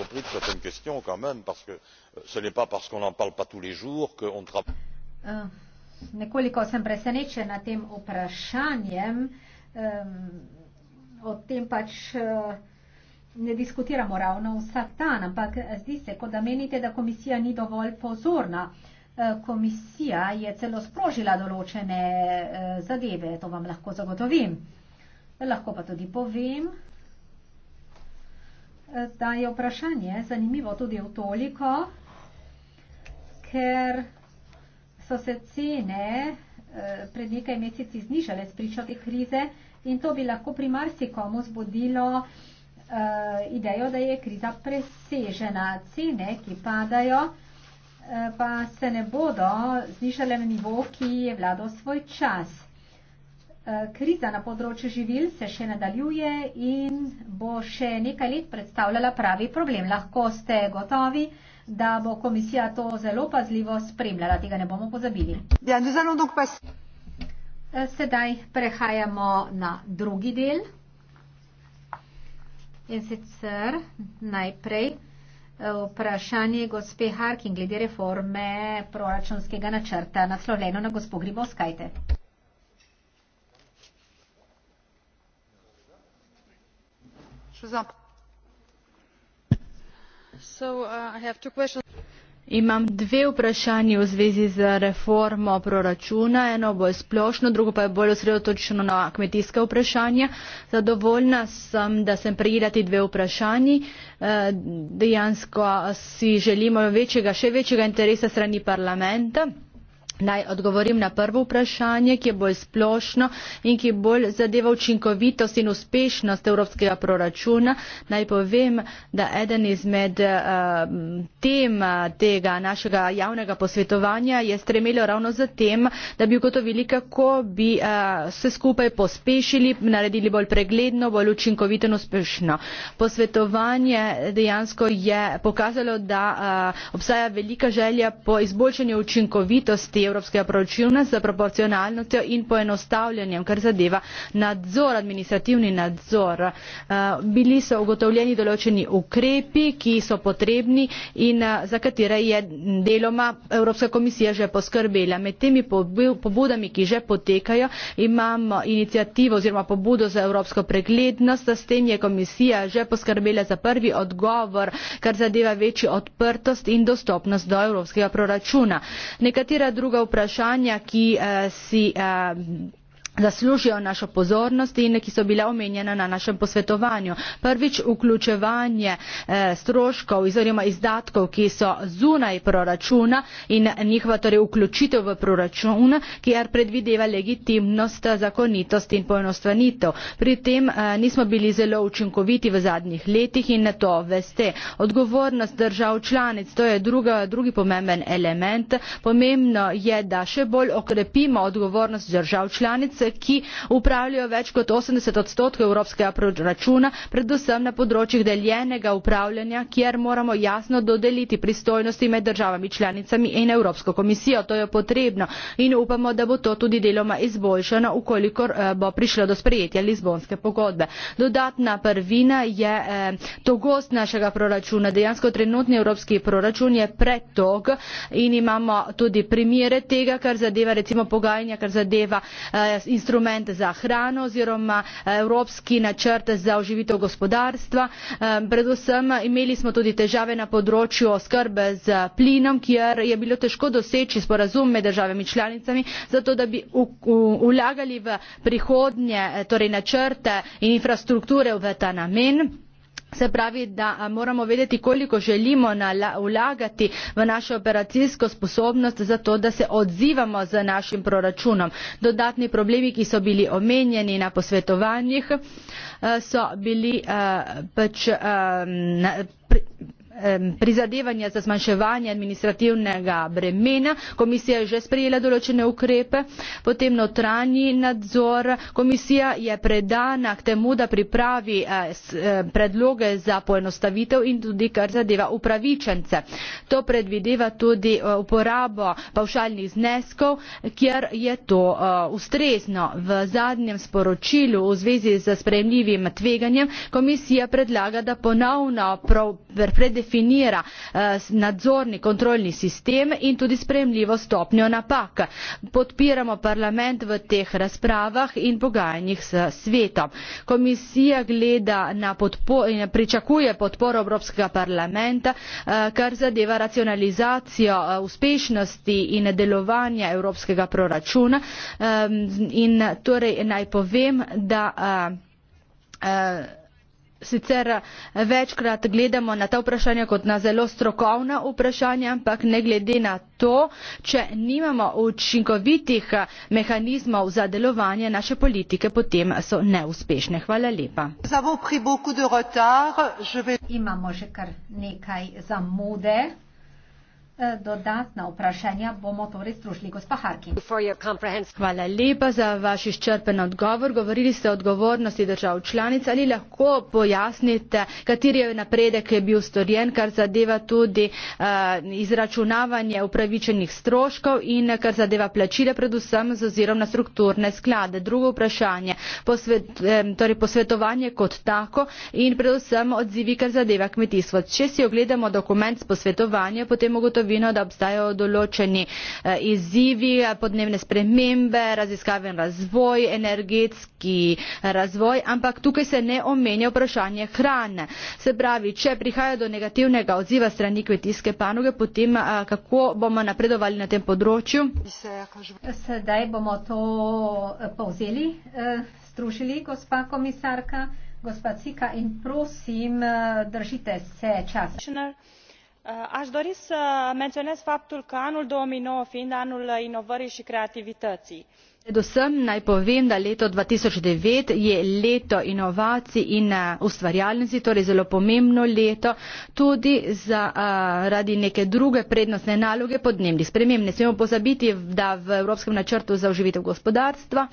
euh, nekoliko sem presenečen nad tem vprašanjem, uh, um, o tem pač uh, ne diskutiramo ravno vsak dan, ampak eh, zdi se, kot da menite, da komisija ni dovolj pozorna. Eh, komisija je celo sprožila določene zadeve, to vam lahko zagotovim. Lahko pa tudi povem, da je vprašanje zanimivo tudi v toliko, ker so se cene Eh, pred nekaj meseci znižale spričo te krize in to bi lahko pri marsikomu zbudilo eh, idejo, da je kriza presežena. Cene, ki padajo, eh, pa se ne bodo znižale na nivo, ki je vlado svoj čas. Kriza na področju živil se še nadaljuje in bo še nekaj let predstavljala pravi problem. Lahko ste gotovi, da bo komisija to zelo pazljivo spremljala. Tega ne bomo pozabili. Ja, e, sedaj prehajamo na drugi del. In sicer najprej e, vprašanje gospe Harkin glede reforme proračunskega načrta, naslovljeno na gospod Gribovskajte. Zdravo. Uh, imam dve vprašanji v zvezi z reformo proračuna eno bolj splošno drugo pa je bolj osredotočeno na kmetijska vprašanja zadovoljna sem da sem prejela ti dve vprašanji eh, dejansko si želimo večjega še večjega interesa s strani parlamenta naj odgovorim na prvo vprašanje ki je bolj splošno in ki bolj zadeva učinkovitost in uspešnost evropskega proračuna naj povem da eden izmed uh, tem eh, tega našega javnega posvetovanja je stremelo ravno za tem da bi ugotovili kako bi uh, vse skupaj pospešili naredili bolj pregledno bolj učinkovito in uspešno posvetovanje dejansko je pokazalo da uh, obstaja velika želja po izboljšanju učinkovitosti evropskega proračuna z proporcionalnostjo in poenostavljanjem kar zadeva nadzor administrativni nadzor. Eh, bili so ugotovljeni določeni ukrepi ki so potrebni in eh, za katere je deloma evropska komisija že poskrbela. med temi pobudami ki že potekajo imamo inicijativo oziroma pobudo za evropsko preglednost s tem je komisija že poskrbela za prvi odgovor kar zadeva večjo odprtost in dostopnost do evropskega proračuna. nekatera druga druga vprašanja ki eh, si eh, zaslužijo našo pozornost in ki so bile omenjene na našem posvetovanju. Prvič, vključevanje eh, stroškov oziroma izdatkov, ki so zunaj proračuna in njihova torej vključitev v proračun, kjer predvideva legitimnost, zakonitost in poenostavitev. Pri tem eh, nismo bili zelo učinkoviti v zadnjih letih in to veste. Odgovornost držav članic, to je druga, drugi pomemben element. Pomembno je, da še bolj okrepimo odgovornost držav članic, članice ki upravljajo več kot osemdeset odstotkov evropskega proračuna predvsem na področjih deljenega upravljanja kjer moramo jasno dodeliti pristojnosti med državami članicami in evropsko komisijo to je potrebno in upamo da bo to tudi deloma izboljšano v kolikor eh, bo prišlo do sprejetja lizbonske pogodbe. dodatna prvina je eh, togost našega proračuna dejansko trenutni evropski proračun je pretog in imamo tudi primere tega kar zadeva recimo pogajanja kar zadeva eh, instrument za hrano oziroma eh, evropski načrt za oživitev gospodarstva. Eh, predvsem imeli smo tudi težave na področju oskrbe z plinom kjer je bilo težko doseči sporazum med državami članicami zato da bi vlagali v prihodnje eh, torej načrte in infrastrukture v ta namen se pravi da moramo vedeti koliko želimo vlagati v našo operacijsko sposobnost zato da se odzivamo z našim proračunom dodatni problemi ki so bili omenjeni na posvetovanjih so bili pač um, na, pri, prizadevanja za zmanjševanje administrativnega bremena komisija je že sprejela določene ukrepe potem notranji nadzor komisija je predana k temu da pripravi eh, eh, predloge za poenostavitev in tudi kar zadeva upravičence to predvideva tudi eh, uporabo pavšalnih zneskov kjer je to ustrezno v zadnjem sporočilu v zvezi z sprejemljivim tveganjem komisija predlaga da ponovno predefinira definira eh, nadzorni kontrolni sistem in tudi sprejemljivo stopnjo napak. podpiramo parlament v teh razpravah in pogajanjih s svetom. komisija gleda na in pričakuje podporo evropskega parlamenta eh, kar zadeva racionalizacijo eh, uspešnosti in delovanja evropskega proračuna in torej naj povem da Uh sicer eh, večkrat gledamo na ta vprašanja kot na zelo strokovna vprašanja ampak ne glede na to če nimamo učinkovitih eh, mehanizmov za delovanje naše politike potem so neuspešne. hvala lepa. imamo že kar nekaj zamude. Eh, dodatna vprašanja bomo torej združili. Gospa Harkin. Hvala lepa za vaš izčrpen odgovor. Govorili ste o odgovornosti držav članic. Ali lahko pojasnite, kateri je napredek je bil storjen, kar zadeva tudi uh, izračunavanje upravičenih stroškov in eh, kar zadeva plačile predvsem z ozirom na strukturne sklade. Drugo vprašanje, posvet, eh, torej posvetovanje kot tako in predvsem odzivi, kar zadeva kmetijstvo. Če si ogledamo dokument s posvetovanjem, potem ugotovimo, zgodovino, da obstajajo določeni eh, izzivi, eh, podnebne spremembe, raziskave in razvoj, energetski eh, razvoj, ampak tukaj se ne omenja vprašanje hrane. Se pravi, če prihaja do negativnega odziva strani kmetijske panoge, potem kako bomo napredovali na tem področju? Sedaj bomo to povzeli, strušili, gospa komisarka, gospa Cika in prosim, držite se časa. Uh, aș dori să menționez faptul că anul două mii nouă fiind anul inovării și creativității Do sem naj povem, da leto 2009 je leto inovacij in uh, ustvarjalnosti, torej zelo pomembno leto tudi za, uh, radi neke druge prednostne naloge podnebnih sprememb. Ne smemo pozabiti, da v Evropskem načrtu za oživitev gospodarstva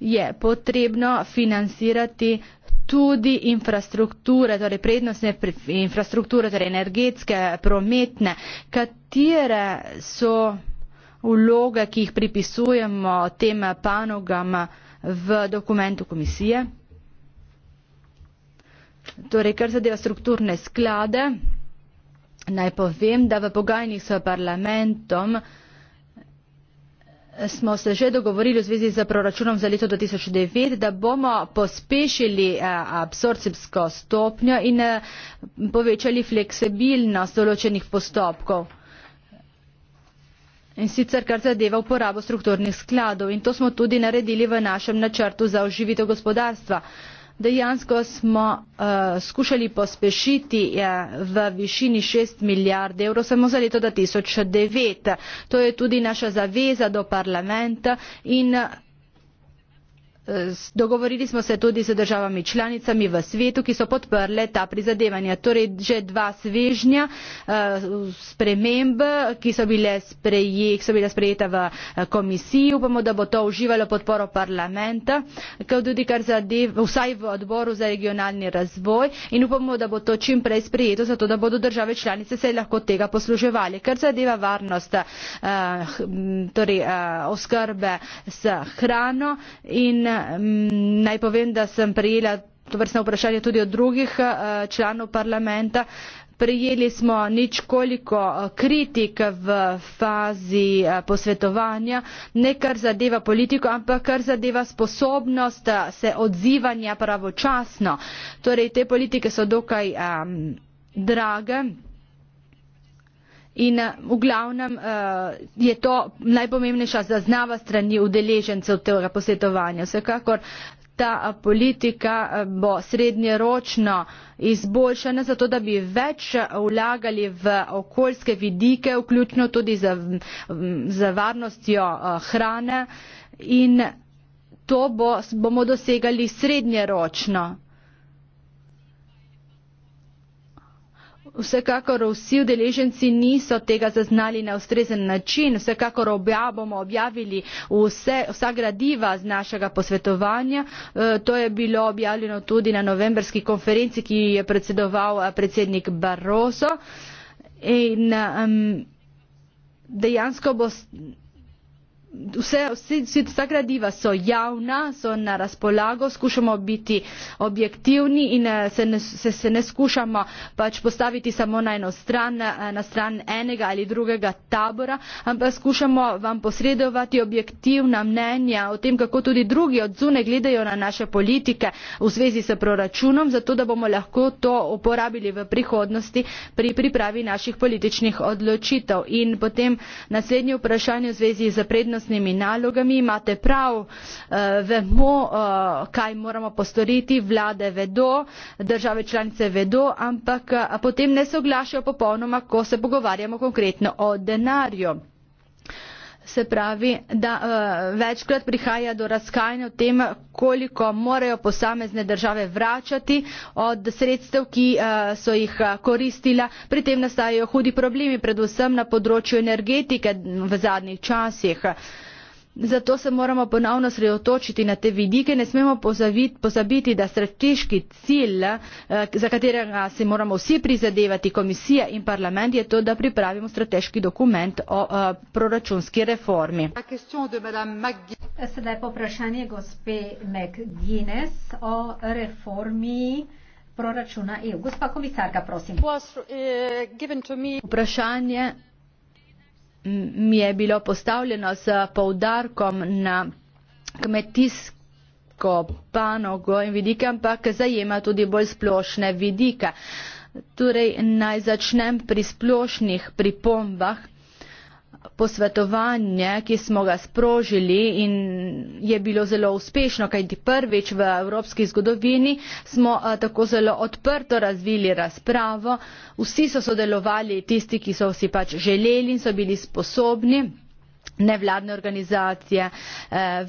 je potrebno financirati tudi infrastrukture, torej prednostne infrastrukture, torej energetske, prometne, katere so vloge, ki jih pripisujemo tem panogam v dokumentu komisije. Torej, kar zadeva strukturne sklade, naj povem, da v pogajanjih s parlamentom smo se že dogovorili v zvezi z proračunom za leto 2009, da bomo pospešili eh, absorpcijsko stopnjo in eh, povečali fleksibilnost določenih postopkov. In sicer kar zadeva uporabo strukturnih skladov. In to smo tudi naredili v našem načrtu za oživitev gospodarstva dejansko smo uh, skušali pospešiti uh, v višini šest milijard evrov samo za leto dva tisoč devet to je tudi naša zaveza do parlamenta in uh, dogovorili smo se tudi z državami članicami v svetu ki so podprle ta prizadevanja torej že dva svežnja eh, sprememb ki so bila sprejeta v eh, komisiji upamo da bo to uživalo podporo parlamenta kot tudi kar zadeva vsaj v odboru za regionalni razvoj in upamo da bo to čim prej sprejeto zato da bodo države članice se lahko tega posluževale kar zadeva varnost eh, torej oskrbe s hrano in Mm, naj povem da sem prejela tovrstna vprašanja tudi od drugih eh, članov parlamenta prejeli smo ničkoliko eh, kritik v fazi eh, posvetovanja ne kar zadeva politiko ampak kar zadeva sposobnost se odzivanja pravočasno torej te politike so dokaj drage in eh, v glavnem eh, je to najpomembnejša zaznava strani udeležencev tega posvetovanja. Vsekakor ta eh, politika bo srednjeročno izboljšana, zato da bi več vlagali v okoljske vidike, vključno tudi z, z varnostjo hrane in to bo, bomo dosegali srednjeročno. vsekakor vsi udeleženci niso tega zaznali na ustrezen način vsekakor obja bomo objavili vse, vsa gradiva z našega posvetovanja e, to je bilo objavljeno tudi na novemberski konferenci ki je predsedoval e, predsednik Barroso in um, dejansko bo vsa gradiva so javna so na razpolago skušamo biti objektivni in eh, se ne, se, se ne skušamo pač postaviti samo na eno stran eh, na stran enega ali drugega tabora ampak skušamo vam posredovati objektivna mnenja o tem kako tudi drugi od zune gledajo na naše politike v zvezi s proračunom zato da bomo lahko to uporabili v prihodnosti pri pripravi naših političnih odločitev in potem naslednje vprašanje v zvezi z prednostjo varnostnimi nalogami. Imate prav, eh, vemo, eh, kaj moramo postoriti, vlade vedo, države članice vedo, ampak eh, potem ne soglašajo popolnoma, ko se pogovarjamo konkretno o denarju se pravi, da uh, večkrat prihaja do razkajanja o tem, koliko morajo posamezne države vračati od sredstev, ki uh, so jih eh, koristila. Pri tem nastajajo hudi problemi, predvsem na področju energetike v zadnjih časih. Uh, Zato se moramo ponovno sredotočiti na te vidike. Ne smemo pozabiti, da strateški cilj, eh, za katerega se moramo vsi prizadevati, komisija in parlament, je to, da pripravimo strateški dokument o eh, proračunski reformi. Eh, sedaj pa vprašanje gospe McGuinness o reformi proračuna EU. Gospa komisarka, prosim. Vprašanje mi je bilo postavljeno s poudarkom na kmetijsko panogo in vidike, ampak zajema tudi bolj splošne vidike. Torej, naj začnem pri splošnih pripombah, posvetovanje, ki smo ga sprožili in je bilo zelo uspešno, kajti prvič v evropski zgodovini smo eh, tako zelo odprto razvili razpravo, vsi so sodelovali, tisti, ki so si pač želeli in so bili sposobni nevladne organizacije eh,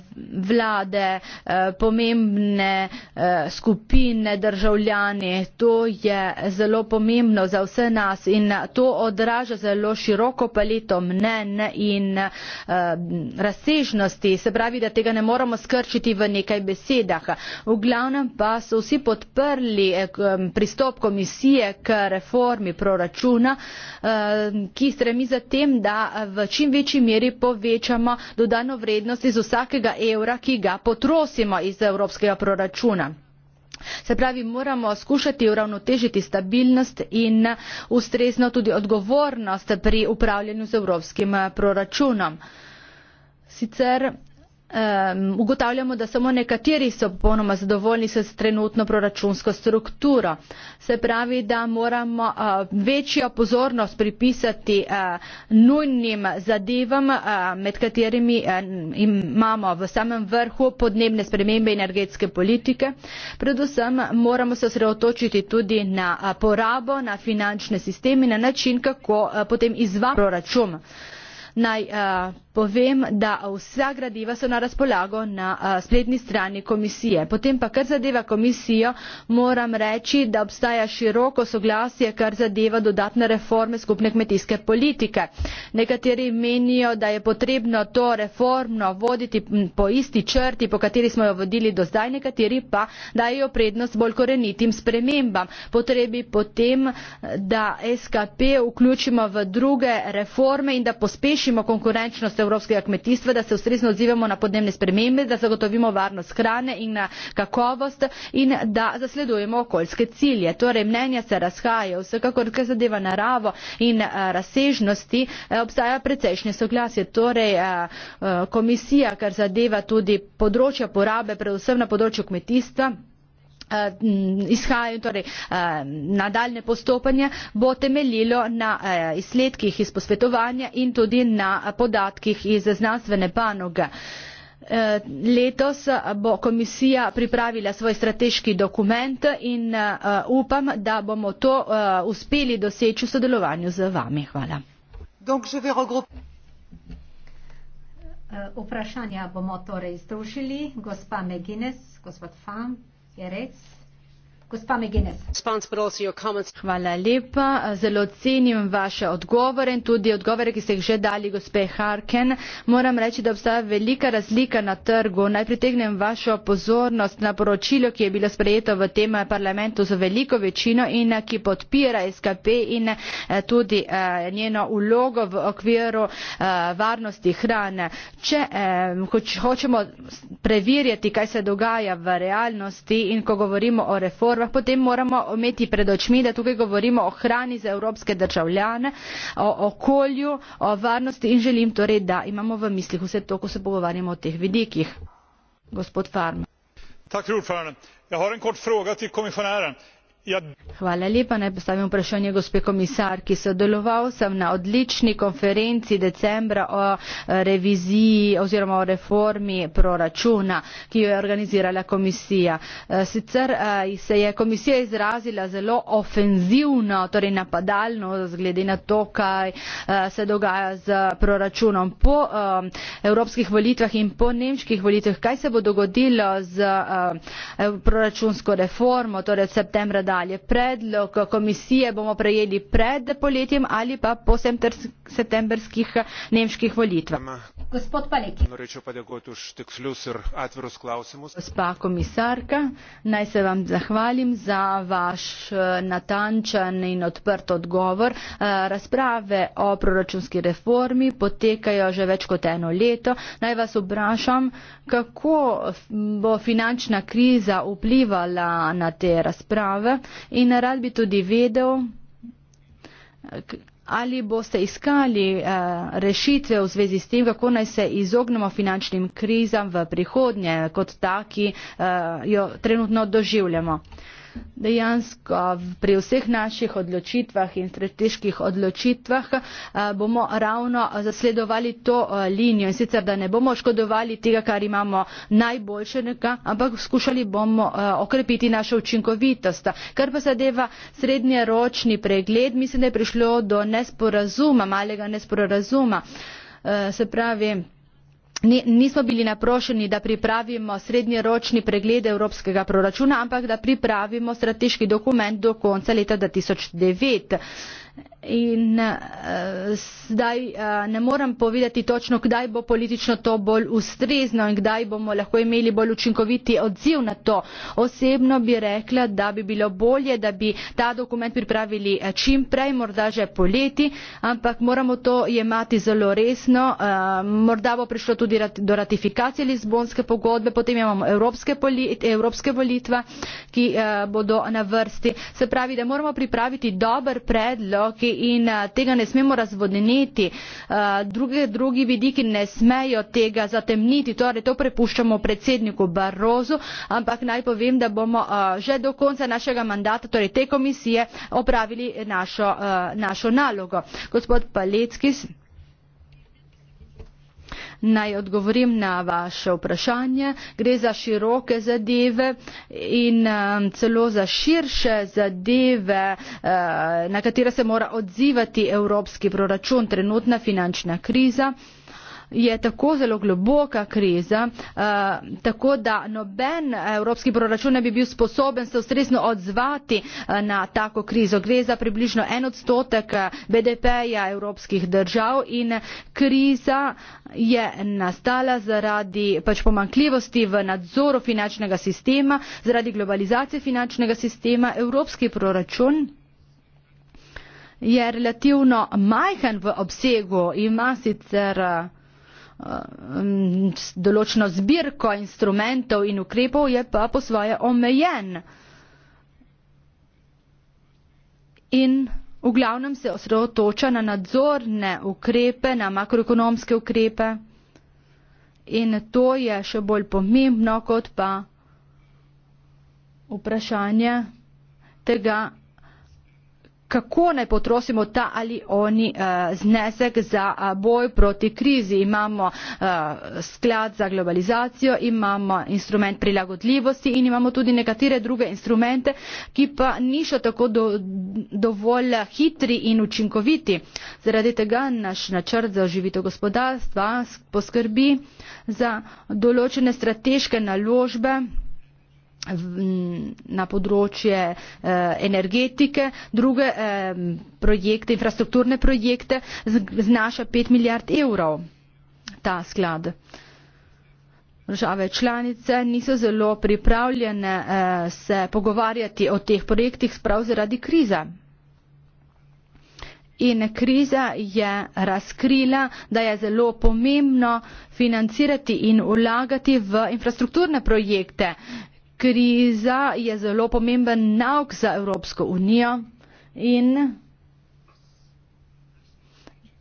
vlade eh, pomembne eh, skupine državljani to je zelo pomembno za vse nas in to odraža zelo široko paleto mnen in razsežnosti se pravi da tega ne moremo skrčiti v nekaj besedah v glavnem pa so vsi podprli pristop komisije k reformi proračuna ki stremi za tem da v čim večji meri povečamo dodano vrednost iz vsakega evra ki ga potrošimo iz evropskega proračuna. Se pravi, moramo skušati uravnotežiti stabilnost in ustrezno tudi odgovornost pri upravljanju z evropskim eh, proračunom. Sicer um, ugotavljamo, da samo nekateri so popolnoma zadovoljni s trenutno proračunsko strukturo. Se pravi, da moramo uh, večjo pozornost pripisati uh, nujnim zadevam, uh, med katerimi uh, imamo v samem vrhu podnebne spremembe energetske politike. Predvsem moramo se osredotočiti tudi na uh, porabo, na finančne sisteme, na način, kako uh, potem izvajamo proračun naj eh, povem da vsa gradiva so na razpolago na eh, spletni strani komisije potem pa kar zadeva komisijo moram reči da obstaja široko soglasje kar zadeva dodatne reforme skupne kmetijske politike nekateri menijo da je potrebno to reformo voditi po isti črti po kateri smo jo vodili do zdaj nekateri pa dajejo prednost bolj korenitim spremembam potrebi po tem da skp vključimo v druge reforme in da pospešimo zmanjšimo konkurenčnost evropskega kmetijstva da se ustrezno odzivamo na podnebne spremembe da zagotovimo varnost hrane in na kakovost in da zasledujemo okoljske cilje torej mnenja se razhajajo vsekakor kar zadeva naravo in eh, razsežnosti eh, obstaja precejšnje soglasje torej eh, komisija kar zadeva tudi področja porabe predvsem na področju kmetijstva Eh, mm, izhajajo torej eh, nadaljne postopanje bo temeljilo na eh, izsledkih iz posvetovanja in tudi na podatkih iz znanstvene panoge. Letos bo komisija pripravila svoj strateški dokument in upam, da bomo to uspeli doseči v sodelovanju z vami. Hvala. Vprašanja bomo torej združili. Gospa McGuinness, gospod Fan, Je res? zelo cenim vaše odgovore in tudi odgovore, ki ste jih že dali gospe Harken. Moram reči, da obstaja velika razlika na trgu. Naj pritegnem vašo pozornost na poročilo, ki je bilo sprejeto v tem parlamentu z veliko večino in ki podpira SKP in eh, tudi eh, njeno ulogo v okviru eh, varnosti hrane. Če hočemo preverjati, kaj se dogaja v realnosti in ko govorimo o reformah, razpravah potem moramo imeti pred očmi da tukaj govorimo o hrani za evropske državljane o okolju o varnosti in želim torej da imamo v mislih vse to ko se pogovarjamo o teh vidikih. Ja. Hvala lepa. Naj postavim vprašanje gospe komisarki. Sodeloval sem na odlični konferenci decembra o eh, reviziji oziroma o reformi proračuna, ki jo je organizirala komisija. Eh, sicer eh, se je komisija izrazila zelo ofenzivno, torej napadalno, glede na to, kaj se dogaja z proračunom. Po evropskih volitvah in po nemških volitvah, kaj se bo dogodilo z proračunsko reformo, torej od septembra nadalje predlog komisije bomo prejeli pred poletjem ali pa po septembrskih nemških volitvah. gospa komisarka naj se vam zahvalim za vaš eh, natančen in odprt odgovor. Eh, razprave o proračunski reformi potekajo že več kot eno leto. naj vas vprašam kako bo finančna kriza vplivala na te razprave in rad bi tudi vedel, ali boste iskali eh, rešitve v zvezi s tem, kako naj se izognemo finančnim krizam v prihodnje, kot taki eh, jo trenutno doživljamo dejansko pri vseh naših odločitvah in strateških odločitvah eh, bomo ravno zasledovali to eh, linijo in sicer, da ne bomo škodovali tega, kar imamo najboljšega, ampak skušali bomo eh, okrepiti našo učinkovitost. Kar pa zadeva srednjeročni pregled, mislim, da je prišlo do nesporazuma, malega nesporazuma. Se pravi, nismo bili naprošeni da pripravimo srednjeročni pregled evropskega proračuna ampak da pripravimo strateški dokument do konca leta. dva tisoč devet in uh, zdaj uh, ne morem povedati točno, kdaj bo politično to bolj ustrezno in kdaj bomo lahko imeli bolj učinkoviti odziv na to. Osebno bi rekla, da bi bilo bolje, da bi ta dokument pripravili eh, čim prej, morda že poleti, ampak moramo to jemati zelo resno. Uh, morda bo prišlo tudi rat, do ratifikacije Lizbonske pogodbe, potem imamo evropske, polit, evropske volitve, ki uh, bodo na vrsti. Se pravi, da moramo pripraviti dober predlog, visoki in tega ne smemo razvodniti. Drugi, drugi vidiki ne smejo tega zatemniti, torej to prepuščamo predsedniku Barrozu, ampak naj povem, da bomo že do konca našega mandata, torej te komisije, opravili našo, našo nalogo. Gospod Paleckis naj odgovorim na vaše vprašanje. Gre za široke zadeve in um, celo za širše zadeve, uh, na katere se mora odzivati evropski proračun, trenutna finančna kriza je tako zelo globoka kriza, eh, tako da noben eh, evropski proračun ne bi bil sposoben se ustrezno odzvati eh, na tako krizo. Gre za približno en odstotek BDP-ja evropskih držav in kriza je nastala zaradi pač pomankljivosti v nadzoru finančnega sistema, zaradi globalizacije finančnega sistema. Evropski proračun je relativno majhen v obsegu in ima sicer Eh, določeno zbirko instrumentov in ukrepov je pa po svoje omejen. In v glavnem se osredotoča na nadzorne ukrepe, na makroekonomske ukrepe. In to je še bolj pomembno kot pa vprašanje tega, kako naj potrosimo ta ali oni eh, znesek za eh, boj proti krizi imamo eh, sklad za globalizacijo imamo instrument prilagodljivosti in imamo tudi nekatere druge instrumente ki pa niso tako dovolj hitri in učinkoviti zaradi tega naš načrt za oživitev gospodarstva poskrbi za določene strateške naložbe na področje eh, energetike, druge eh, projekte, infrastrukturne projekte, znaša 5 milijard evrov ta sklad. Države članice niso zelo pripravljene eh, se pogovarjati o teh projektih sprav zaradi krize. In kriza je razkrila, da je zelo pomembno financirati in ulagati v infrastrukturne projekte, kriza je zelo pomemben nauk za Evropsko unijo in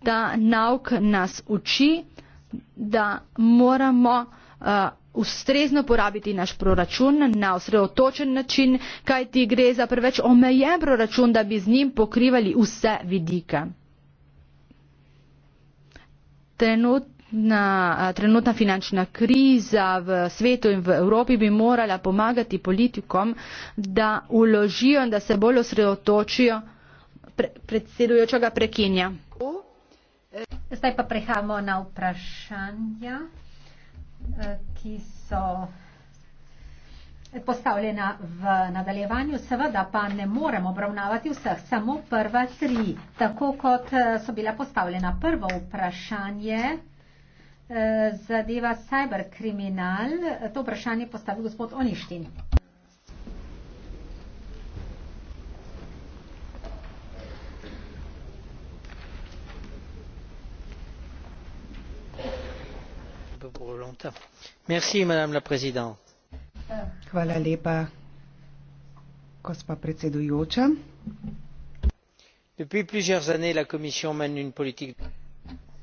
ta nauk nas uči, da moramo uh, ustrezno porabiti naš proračun na osredotočen način, kaj ti gre za preveč omejen proračun, da bi z njim pokrivali vse vidike. Trenut Na trenutna finančna kriza v svetu in v Evropi bi morala pomagati politikom, da uložijo in da se bolj osredotočijo pre, predsedujočega prekinja. Zdaj pa prehajamo na vprašanja, e, ki so postavljena v nadaljevanju. Seveda pa ne moremo obravnavati vseh, samo prva tri, tako kot e, so bila postavljena prvo vprašanje zadeva cyberkriminal. To vprašanje postavi gospod Oništin. Hvala lepa, gospa predsedujoča. Depuis plusieurs années, la Commission mène une politique.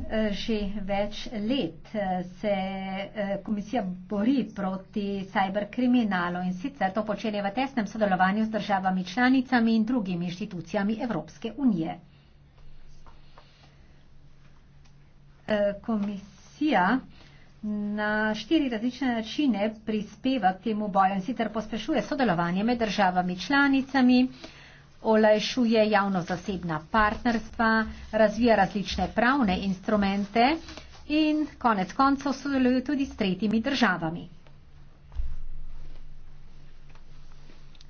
Eh, že več let eh, se eh, komisija bori proti cyberkriminalu in sicer to počne v tesnem sodelovanju z državami članicami in drugimi inštitucijami Evropske unije. Komisija na štiri različne načine prispeva k temu boju in sicer pospešuje sodelovanje med državami članicami, olajšuje javno-zasebna partnerstva, razvija različne pravne instrumente in konec koncev sodeluje tudi s tretjimi državami.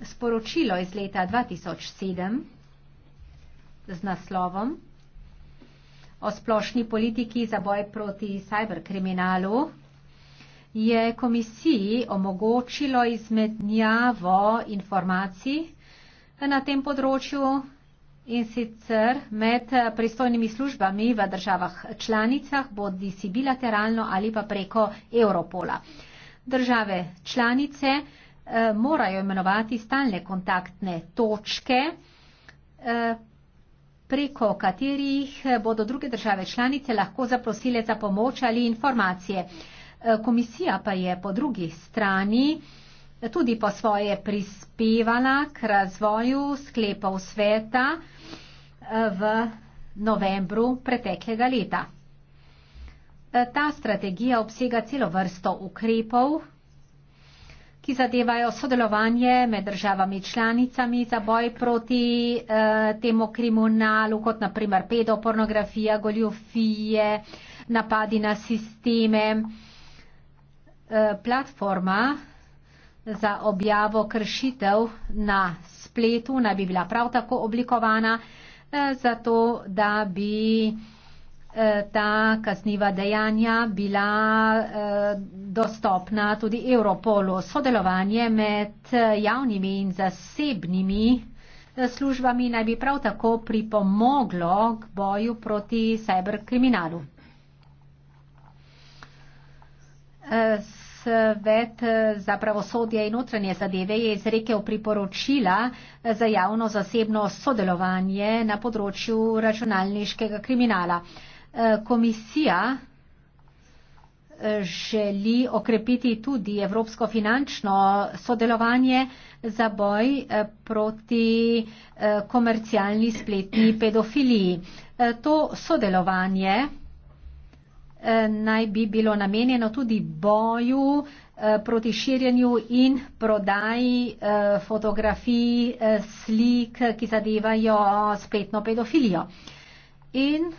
Sporočilo iz leta 2007 z naslovom o splošni politiki za boj proti cyberkriminalu je komisiji omogočilo izmednjavo informacij na tem področju in sicer med pristojnimi službami v državah članicah, bodi si bilateralno ali pa preko Europola. Države članice eh, morajo imenovati stalne kontaktne točke, eh, preko katerih bodo druge države članice lahko zaprosile za pomoč ali informacije. Eh, komisija pa je po drugi strani tudi po svoje prispevala k razvoju sklepov sveta eh, v novembru preteklega leta. Eh, ta strategija obsega celo vrsto ukrepov, ki zadevajo sodelovanje med državami članicami za boj proti eh, temu kriminalu, kot naprimer pedopornografija, goljofije, napadi na sisteme. Eh, platforma eh, za objavo kršitev na spletu naj bi bila prav tako oblikovana, eh, zato da bi eh, ta kazniva dejanja bila eh, dostopna tudi Europolu. Sodelovanje med javnimi in zasebnimi službami naj bi prav tako pripomoglo k boju proti cyberkriminalu. Svet eh, za pravosodje in notranje zadeve je izrekel priporočila eh, za javno-zasebno sodelovanje na področju računalniškega kriminala. Eh, komisija želi okrepiti tudi evropsko finančno sodelovanje za boj proti komercialni spletni pedofiliji. To sodelovanje Eh, naj bi bilo namenjeno tudi boju eh, proti širjenju in prodaji eh, fotografij, slik, ki zadevajo spletno pedofilijo. In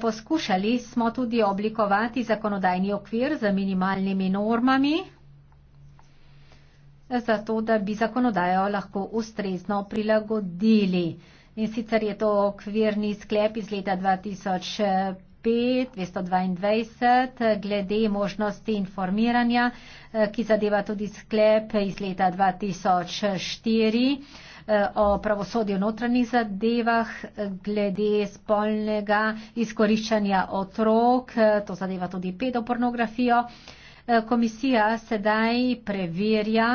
poskušali smo tudi oblikovati zakonodajni okvir z minimalnimi normami, zato da bi zakonodajo lahko ustrezno prilagodili. In sicer je to okvirni sklep iz leta 2015. 222 glede možnosti informiranja, eh, ki zadeva tudi sklep iz leta 2004 eh, o pravosodju v notranjih zadevah glede spolnega izkoriščanja otrok, eh, to zadeva tudi pedopornografijo. Komisija sedaj preverja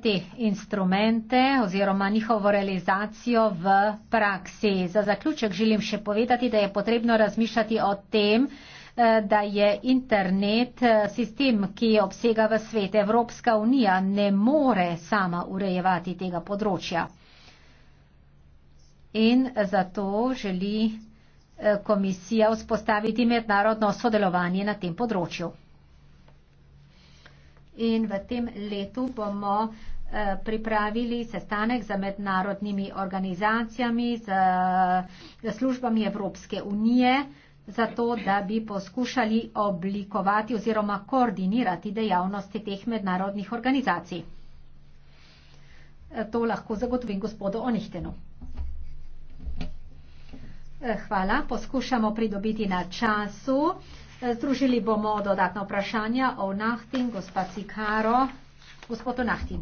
te instrumente oziroma njihovo realizacijo v praksi. Za zaključek želim še povedati, da je potrebno razmišljati o tem, eh, da je internet eh, sistem, ki obsega v svet. Evropska unija ne more sama urejevati tega področja. In zato želi eh, komisija vzpostaviti mednarodno sodelovanje na tem področju in v tem letu bomo eh, pripravili sestanek za mednarodnimi organizacijami, za službami Evropske unije, zato da bi poskušali oblikovati oziroma koordinirati dejavnosti teh mednarodnih organizacij. Eh, to lahko zagotovim gospodu Onihtenu. Eh, hvala, poskušamo pridobiti na času. Eh, združili bomo dodatno vprašanje o Nahtin, gospa Cikaro. Gospod Nahtin.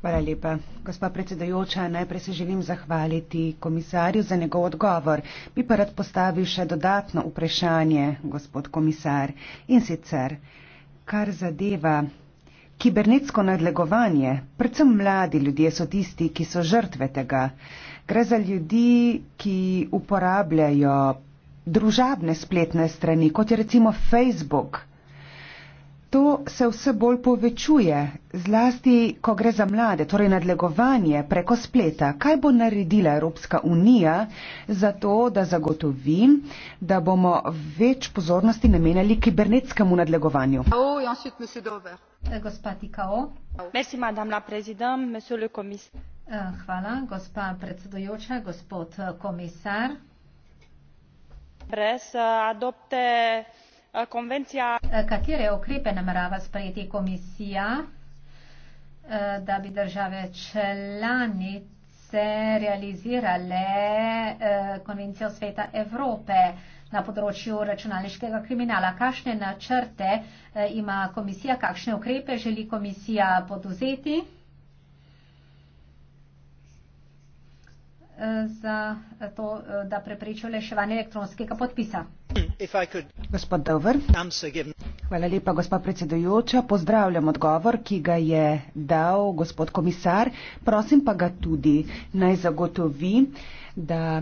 Hvala lepa. Gospa predsedajoča, najprej se želim zahvaliti komisarju za njegov odgovor. Bi pa rad postavil še dodatno vprašanje, gospod komisar. In sicer, kar zadeva kibernetsko nadlegovanje, predvsem mladi ljudje so tisti, ki so žrtve tega. Gre za ljudi, ki uporabljajo družabne spletne strani, kot je recimo Facebook. To se vse bolj povečuje, zlasti ko gre za mlade, torej nadlegovanje preko spleta. Kaj bo naredila Evropska unija za to, da zagotovi, da bomo več pozornosti namenjali kibernetskemu nadlegovanju? Oh, ja, Eh, eh, hvala, gospa predsedujoča, gospod eh, komisar. Katere ukrepe namerava sprejeti komisija, da bi države članice realizirale konvencijo Sveta Evrope? na področju računalniškega kriminala. Kakšne načrte eh, ima komisija, kakšne ukrepe želi komisija poduzeti? Eh, za to, eh, da preprečijo leševanje elektronskega podpisa. Gospod Dover. Hvala lepa, gospa predsedujoča. Pozdravljam odgovor, ki ga je dal gospod komisar. Prosim pa ga tudi naj zagotovi, da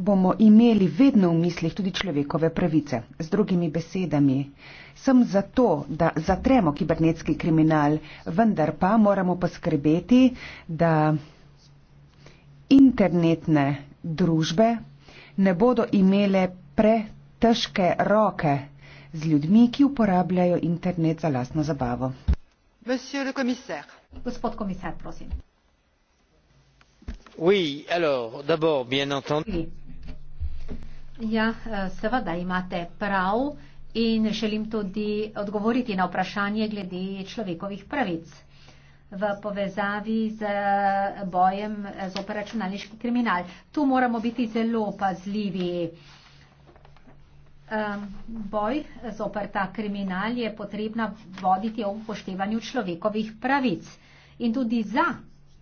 bomo imeli vedno v mislih tudi človekove pravice. Z drugimi besedami, sem za to, da zatremo kibernetski kriminal, vendar pa moramo poskrbeti, da internetne družbe ne bodo imele pretežke roke z ljudmi, ki uporabljajo internet za lasno zabavo. Gospod komisar, prosim. Oui, alors, d'abord, bien entendu. Oui. Ja, eh, seveda imate prav in želim tudi odgovoriti na vprašanje glede človekovih pravic v povezavi z bojem z operačunalniški kriminal. Tu moramo biti zelo pazljivi. Boj z operta kriminal je potrebna voditi o upoštevanju človekovih pravic in tudi za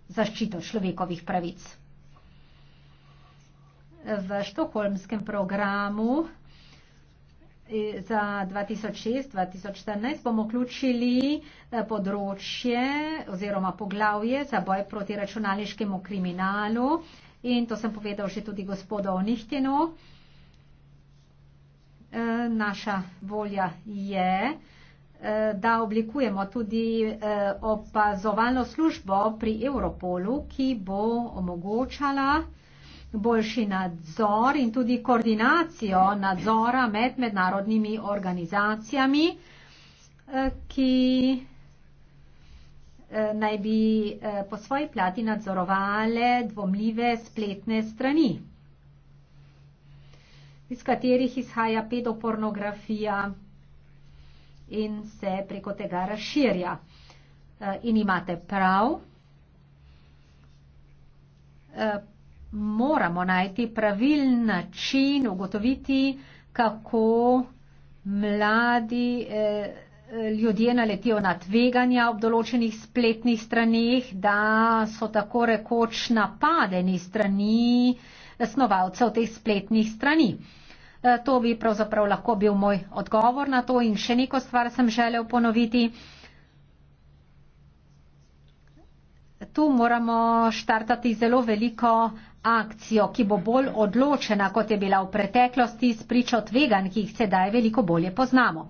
zaščito človekovih pravic v štokholmskem programu eh, za 2006-2014 bomo vključili eh, področje oziroma poglavje za boj proti računalniškemu kriminalu in to sem povedal že tudi gospodo Onihtjeno. Eh, naša volja je, da oblikujemo tudi opazovalno službo pri Europolu, ki bo omogočala boljši nadzor in tudi koordinacijo nadzora med mednarodnimi organizacijami, eh, ki eh, naj bi eh, po svoji plati nadzorovale dvomljive spletne strani, iz katerih izhaja pedopornografija in se preko tega razširja. In imate prav moramo najti pravilen način, ugotoviti, kako mladi eh, ljudje naletijo na tveganja ob določenih spletnih straneh, da so tako rekoč napadeni strani snovalcev teh spletnih strani. Eh, to bi pravzaprav lahko bil moj odgovor na to in še neko stvar sem želel ponoviti. tu moramo štartati zelo veliko akcijo, ki bo bolj odločena, kot je bila v preteklosti, s pričo tvegan, ki jih sedaj veliko bolje poznamo.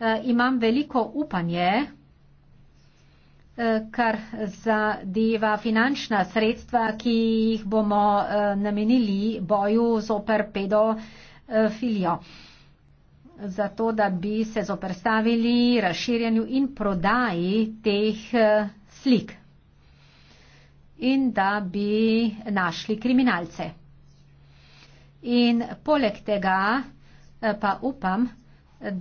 E, imam veliko upanje, e, kar zadeva finančna sredstva, ki jih bomo e, namenili boju z operpedo e, filijo. Zato, da bi se zoprstavili razširjanju in prodaji teh. E, slik in da bi našli kriminalce. In poleg tega eh, pa upam,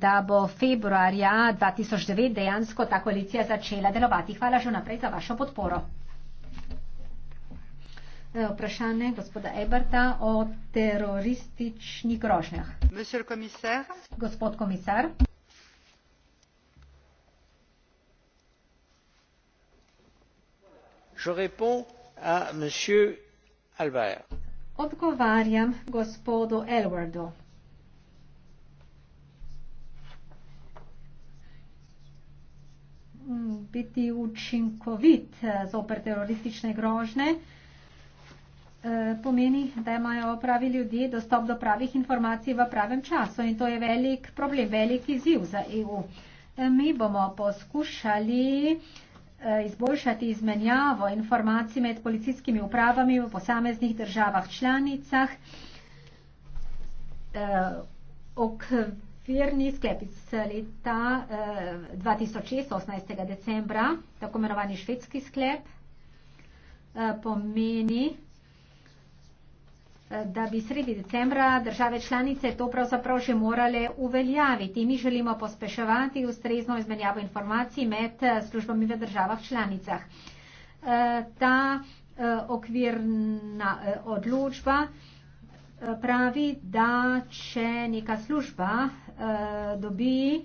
da bo februarja 2009 dejansko ta koalicija začela delovati. Hvala že naprej za vašo podporo. Eh, vprašanje gospoda Eberta o terorističnih grožnjah. Gospod komisar. Odgovarjam gospodu Elwardu. Biti učinkovit eh, zoper teroristične grožne eh, pomeni, da imajo pravi ljudje dostop do pravih informacij v pravem času in to je velik problem, velik izziv za EU. Eh, mi bomo poskušali uh, Eh, izboljšati izmenjavo informacij med policijskimi upravami v posameznih državah članicah. Eh, okvirni sklep iz leta 2016, eh, decembra, tako imenovani švedski sklep, pomeni, Eh, da bi sredi decembra države članice to pravzaprav že morale uveljaviti. Mi želimo pospeševati ustrezno izmenjavo informacij med eh, službami v državah članicah. Eh, ta okvirna odločba pravi, da če neka služba dobi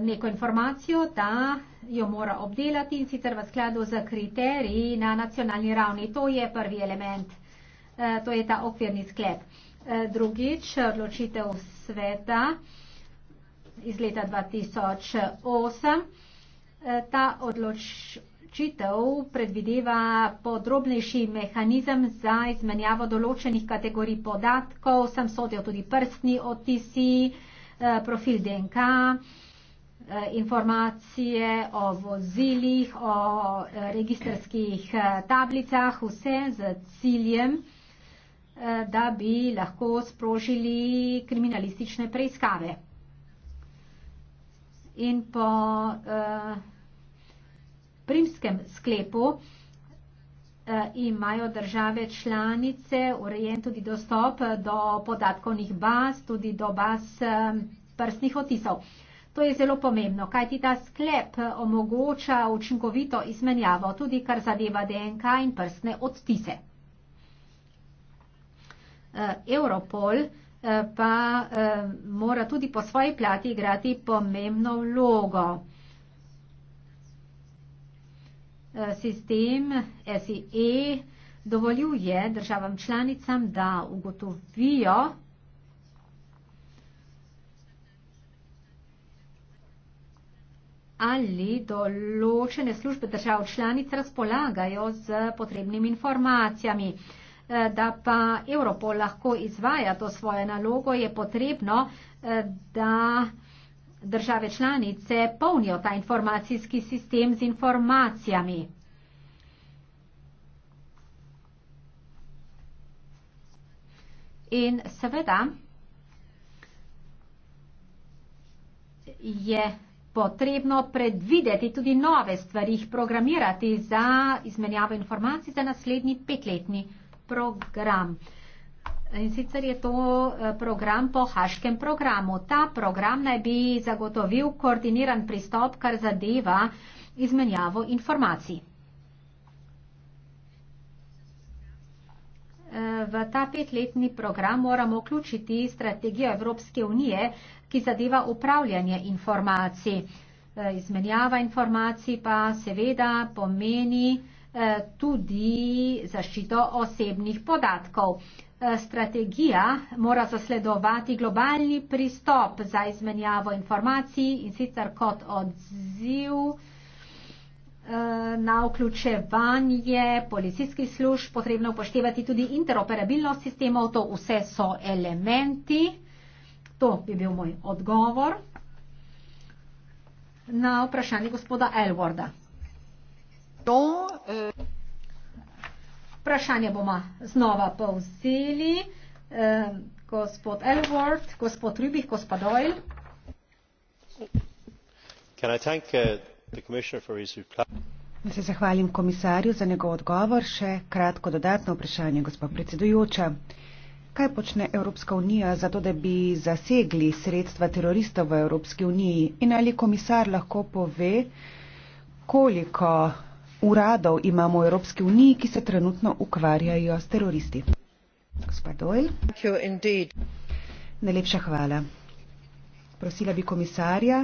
neko informacijo, da jo mora obdelati in sicer v skladu z kriteriji na nacionalni ravni. To je prvi element. E, to je ta okvirni sklep. E, drugič, odločitev sveta iz leta 2008. E, ta odločitev predvideva podrobnejši mehanizem za izmenjavo določenih kategorij podatkov, sem sodel tudi prstni otisi, profil DNK, informacije o vozilih, o registerskih tablicah, vse z ciljem, da bi lahko sprožili kriminalistične preiskave. In po eh, primskem sklepu eh, imajo države članice urejen tudi dostop do podatkovnih baz, tudi do baz eh, prstnih otisov. To je zelo pomembno, kajti ta sklep eh, omogoča učinkovito izmenjavo tudi kar zadeva DNK in prstne odtise. Eh, Europol eh, pa eh, mora tudi po svoji plati igrati pomembno vlogo. Sistem SIE dovoljuje državam članicam, da ugotovijo, ali določene službe držav članic razpolagajo z potrebnimi informacijami. Eh, da pa Europol lahko izvaja to svojo nalogo, je potrebno, eh, da države članice polnijo ta informacijski sistem z informacijami. In seveda je potrebno predvideti tudi nove stvari, jih programirati za izmenjavo informacij za naslednji petletni program program. In sicer je to eh, program po haškem programu. Ta program naj bi zagotovil koordiniran pristop, kar zadeva izmenjavo informacij. Eh, v ta petletni program moramo vključiti strategijo Evropske unije, ki zadeva upravljanje informacij. Eh, izmenjava informacij pa seveda pomeni, Eh, tudi zaščito osebnih podatkov. Eh, strategija mora zasledovati globalni pristop za izmenjavo informacij in sicer kot odziv eh, na vključevanje policijskih služb potrebno upoštevati tudi interoperabilnost sistemov, to vse so elementi. To bi bil moj odgovor na vprašanje gospoda Elworda. To, eh, vprašanje bomo znova povzeli. Eh, gospod Elward, gospod Rubik, gospod Doyle. Can I thank, uh, the commissioner for his reply? Da se zahvalim komisarju za njegov odgovor. Še kratko dodatno vprašanje, gospod predsedujoča. Kaj počne Evropska unija za to, da bi zasegli sredstva teroristov v Evropski uniji? In ali komisar lahko pove, koliko uradov imamo v Evropski uniji, ki se trenutno ukvarjajo s teroristi. Gospa Doyle. Najlepša hvala. Prosila bi komisarja,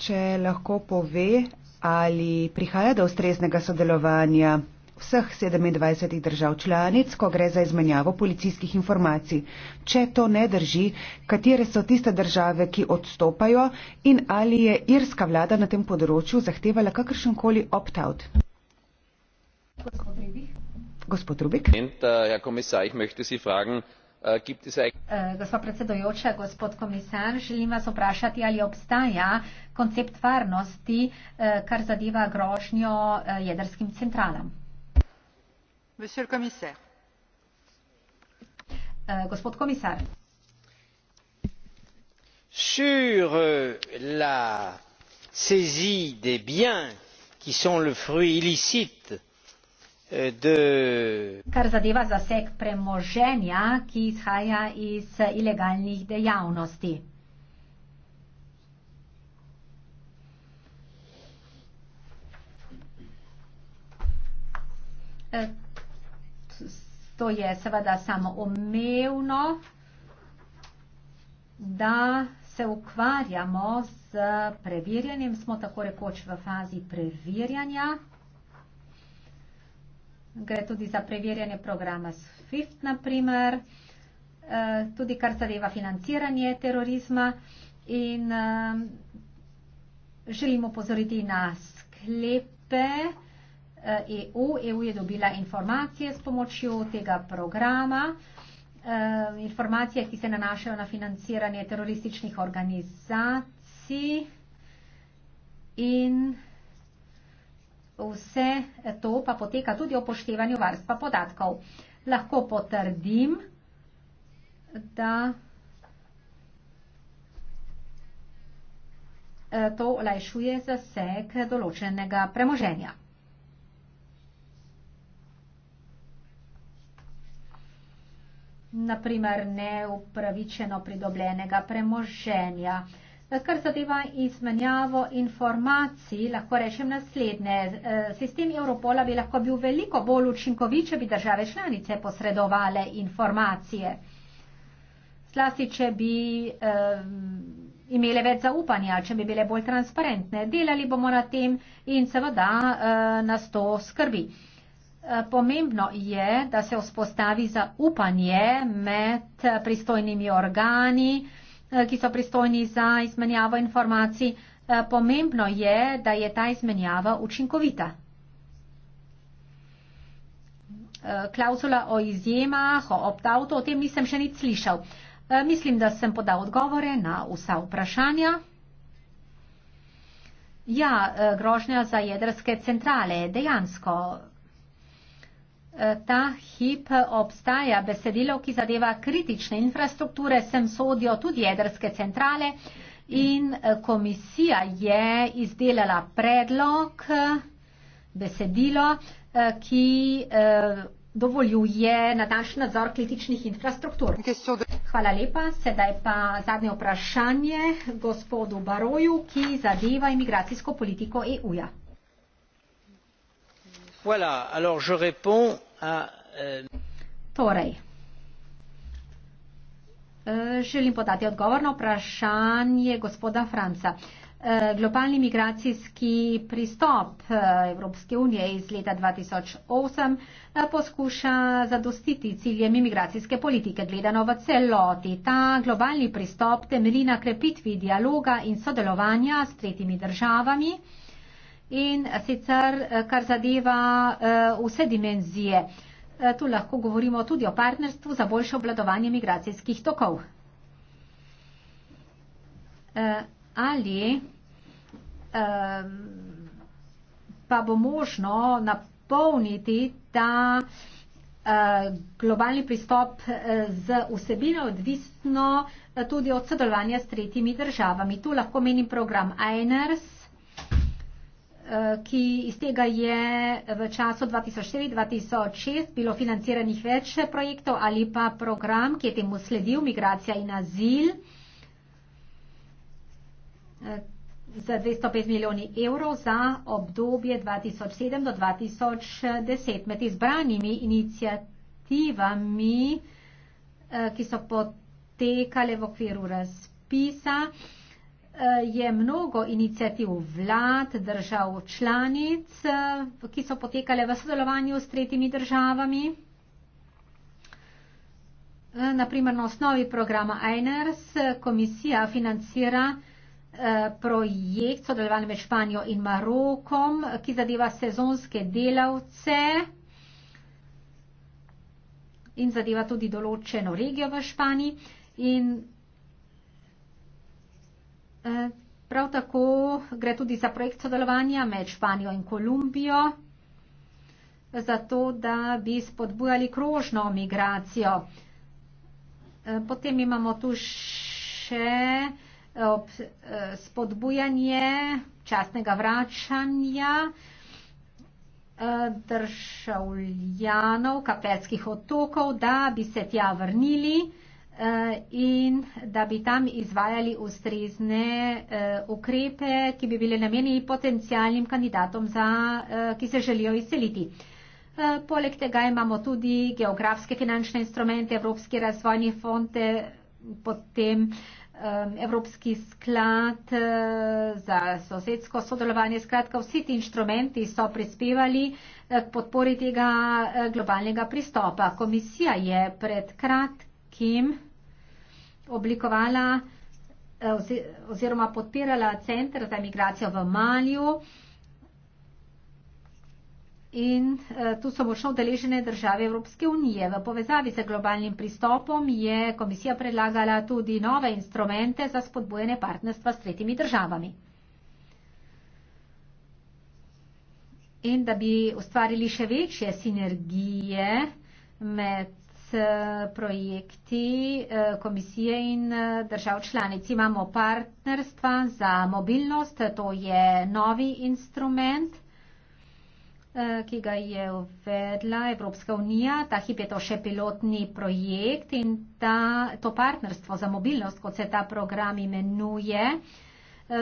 če lahko pove, ali prihaja do ustreznega sodelovanja vseh 27 držav članic, ko gre za izmenjavo policijskih informacij. Če to ne drži, katere so tiste države, ki odstopajo in ali je irska vlada na tem področju zahtevala kakršenkoli opt-out. Gospod Rubik. Eh, eh, eh, gospod predsedujoče, gospod komisar, želim vas vprašati, ali obstaja koncept varnosti, kar zadeva grožnjo jedrskim centralam. Gospod komisar. Sur euh, la saisie des biens qui sont le fruit illicite Kar zadeva zaseg premoženja, ki izhaja iz ilegalnih dejavnosti. E, to je seveda samo omevno, da se ukvarjamo z preverjanjem, smo tako rekoč v fazi preverjanja gre tudi za preverjanje programa SWIFT, naprimer, eh, tudi kar zadeva financiranje terorizma in eh, želimo pozoriti na sklepe EU. Eh, e EU je dobila informacije s pomočjo tega programa, informacije, ki se nanašajo na financiranje terorističnih organizacij in Vse to pa poteka tudi o poštevanju varstva podatkov. Lahko potrdim, da eh, to olajšuje zaseg določenega premoženja. Naprimer, neupravičeno pridobljenega premoženja. Kar zadeva izmenjavo informacij, lahko rečem naslednje. Eh, sistem Europola bi lahko bil veliko bolj učinkovit, če bi države članice posredovale informacije. Slasti, če bi um, imele več zaupanja, če bi bile bolj transparentne. Delali bomo na tem in seveda uh, nas to skrbi. Pomembno je, da se vzpostavi zaupanje med pristojnimi organi, uh, Eh, ki so pristojni za izmenjavo informacij, eh, pomembno je, da je ta izmenjava učinkovita. Eh, Klausula o izjemah, o optautu, o tem nisem še nič slišal. Mislim, da sem podal odgovore na vsa vprašanja. Ja, grožnja za jedrske centrale, dejansko ta hip obstaja besedilo, ki zadeva kritične infrastrukture, sem sodijo tudi jedrske centrale in eh, komisija je izdelala predlog, besedilo, eh, ki eh, dovoljuje na naš nadzor kritičnih infrastruktur. Hvala lepa. Sedaj pa zadnje vprašanje gospodu Baroju, ki zadeva imigracijsko politiko EU-ja. Voilà, alors je réponds A, eh... Torej, e, želim podati odgovor na vprašanje gospoda Franca. E, globalni migracijski pristop e, Evropske unije iz leta 2008 poskuša zadostiti ciljem imigracijske politike gledano v celoti. Ta globalni pristop temelji na krepitvi dialoga in sodelovanja s tretjimi državami in sicer eh, kar zadeva eh, vse dimenzije. Eh, tu lahko govorimo tudi o partnerstvu za boljše obladovanje migracijskih tokov. Ali pa bo možno napolniti ta globalni pristop z vsebino odvisno tudi od sodelovanja s tretjimi državami. Tu lahko menim program INERS, Eh, ki iz tega je v času 2004-2006 bilo financiranih več projektov ali pa program, ki je temu sledil Migracija in azil eh, za 205 milijoni evrov za obdobje 2007 do 2010. Med izbranimi inicijativami, eh, ki so potekale v okviru razpisa, Eh, je mnogo inicijativ vlad, držav članic, eh, ki so potekale v sodelovanju s tretjimi državami. Eh, Naprimer, na osnovi programa EINERS komisija financira projekt sodelovanja med Španijo in Marokom, ki zadeva sezonske delavce in zadeva tudi določeno regijo v Španiji. In E, prav tako gre tudi za projekt sodelovanja med Španijo in Kolumbijo, zato da bi spodbujali krožno migracijo. E, potem imamo tu še e, spodbujanje častnega vračanja državljanov kapelskih otokov, da bi se tja vrnili. Eh, in da bi tam izvajali ustrezne eh, ukrepe, ki bi bile namenjeni potencijalnim kandidatom, za, eh, ki se želijo izseliti. Poleg tega imamo tudi geografske finančne instrumente, Evropski razvojni fond, potem Evropski sklad za sosedsko sodelovanje. Skratka, vsi ti inštrumenti so prispevali k podpori tega globalnega pristopa. Komisija je pred kratkim oblikovala eh, oziroma podpirala center za imigracijo v Malju. In eh, tu so močno deležene države Evropske unije. V povezavi z globalnim pristopom je komisija predlagala tudi nove instrumente za spodbujene partnerstva s tretjimi državami. In da bi ustvarili še večje sinergije med Eh, projekti eh, komisije in eh, držav članic. Imamo partnerstva za mobilnost, to je novi instrument, ki ga je uvedla Evropska unija. Ta hip je to še pilotni projekt in ta, to partnerstvo za mobilnost, kot se ta program imenuje,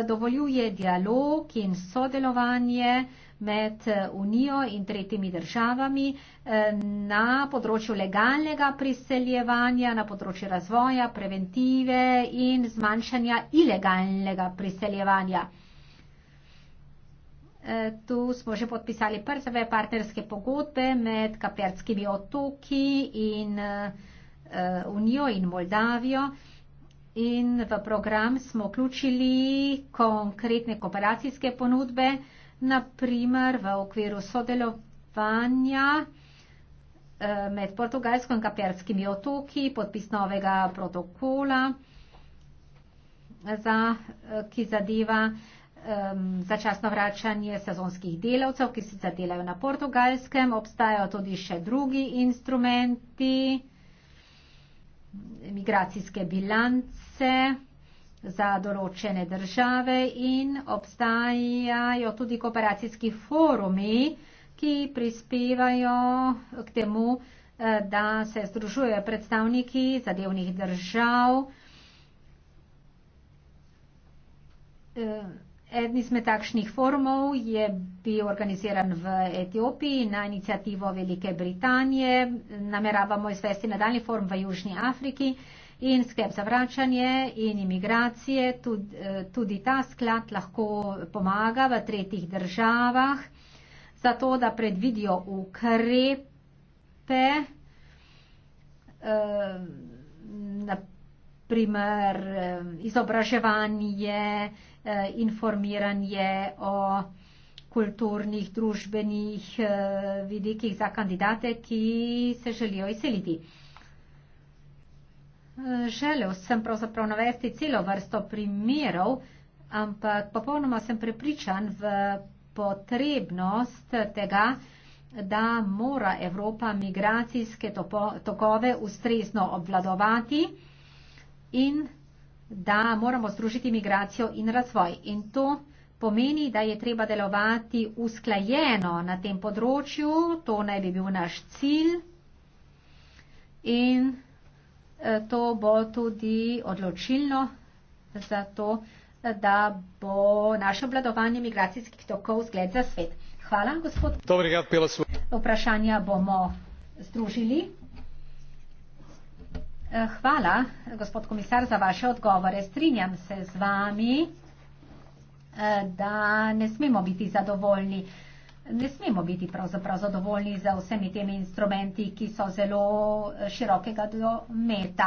dovoljuje dialog in sodelovanje med eh, Unijo in tretjimi državami eh, na področju legalnega priseljevanja, na področju razvoja, preventive in zmanjšanja ilegalnega priseljevanja. Eh, tu smo že podpisali prve partnerske pogodbe med Kapertskimi otoki in Unijo in Moldavijo. In v program smo vključili konkretne kooperacijske ponudbe, naprimer v okviru sodelovanja eh, med Portugalsko in Kaperskimi otoki, podpis novega protokola, za, eh, ki zadeva um, začasno vračanje sezonskih delavcev, ki sicer delajo na Portugalskem. Obstajajo tudi še drugi instrumenti, migracijske bilance za določene države in obstajajo tudi kooperacijski forumi, ki prispevajo k temu, eh, da se združujejo predstavniki zadevnih držav. Eh, eden izmed takšnih forumov je bil organiziran v Etiopiji na inicijativo Velike Britanije. Nameravamo izvesti nadaljni forum v Južni Afriki in skrb za vračanje in imigracije. Tudi, eh, tudi ta sklad lahko pomaga v tretjih državah, zato da predvidijo ukrepe, eh, naprimer eh, izobraževanje, informiranje o kulturnih, družbenih vidikih za kandidate, ki se želijo izseliti. Želel sem pravzaprav navesti celo vrsto primerov, ampak popolnoma sem prepričan v potrebnost tega, da mora Evropa migracijske tokove ustrezno obvladovati in da moramo združiti migracijo in razvoj. In to pomeni, da je treba delovati usklajeno na tem področju, to naj bi bil naš cilj. In Eh, to bo tudi odločilno za to, da bo naše obladovanje migracijskih tokov zgled za svet. Hvala, gospod. Dobri, ja, Vprašanja bomo združili. Eh, hvala, gospod komisar, za vaše odgovore. Strinjam se z vami, eh, da ne smemo biti zadovoljni ne smemo biti pravzaprav zadovoljni z vsemi temi instrumenti, ki so zelo eh, širokega dometa.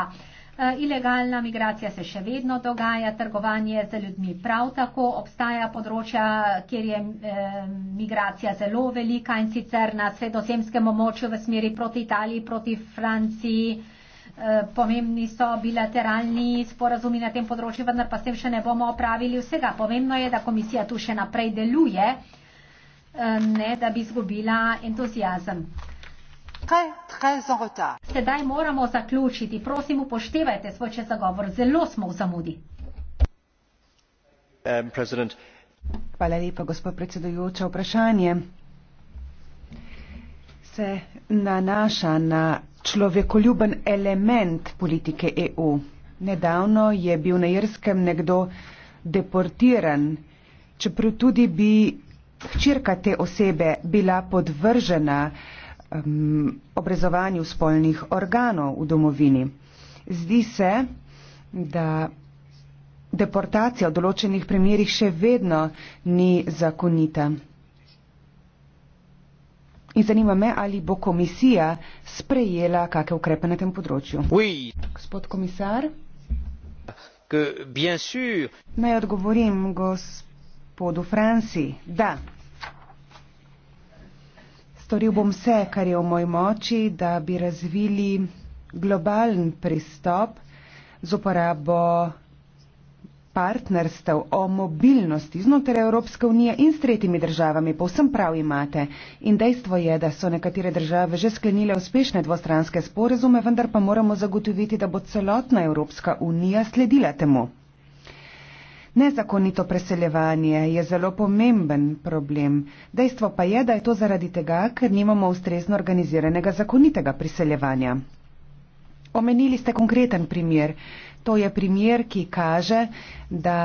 Eh, ilegalna migracija se še vedno dogaja, trgovanje z ljudmi prav tako obstaja področja, kjer je eh, migracija zelo velika in sicer na sredozemskem območju v smeri proti Italiji, proti Franciji. Pomembni so bilateralni sporazumi na tem področju, vendar pa s tem še ne bomo opravili vsega. Pomembno je, da komisija tu še naprej deluje. Eh, ne da bi izgubila entuzijazem. Sedaj moramo zaključiti. Prosim, upoštevajte svoj čas za govor. Zelo smo v zamudi. Hvala lepa, gospod predsedujoča. Vprašanje se nanaša na človekoljuben element politike EU. Nedavno je bil na Jerskem nekdo deportiran, čeprav tudi bi hčerka te osebe bila podvržena um, obrezovanju spolnih organov v domovini. Zdi se, da deportacija v določenih primerjih še vedno ni zakonita. In zanima me, ali bo komisija sprejela kakšne ukrepe na tem področju. Oui. Gospod komisar, naj odgovorim, gospod gospodu Franci, da. Storil bom vse, kar je v moj moči, da bi razvili globalen pristop z uporabo partnerstev o mobilnosti znotraj Evropske unije in s tretjimi državami. Povsem prav imate. In dejstvo je, da so nekatere države že sklenile uspešne dvostranske sporezume, vendar pa moramo zagotoviti, da bo celotna Evropska unija sledila temu. Nezakonito preseljevanje je zelo pomemben problem. Dejstvo pa je, da je to zaradi tega, ker nimamo ustrezno organiziranega zakonitega priseljevanja. Omenili ste konkreten primer. To je primer, ki kaže, da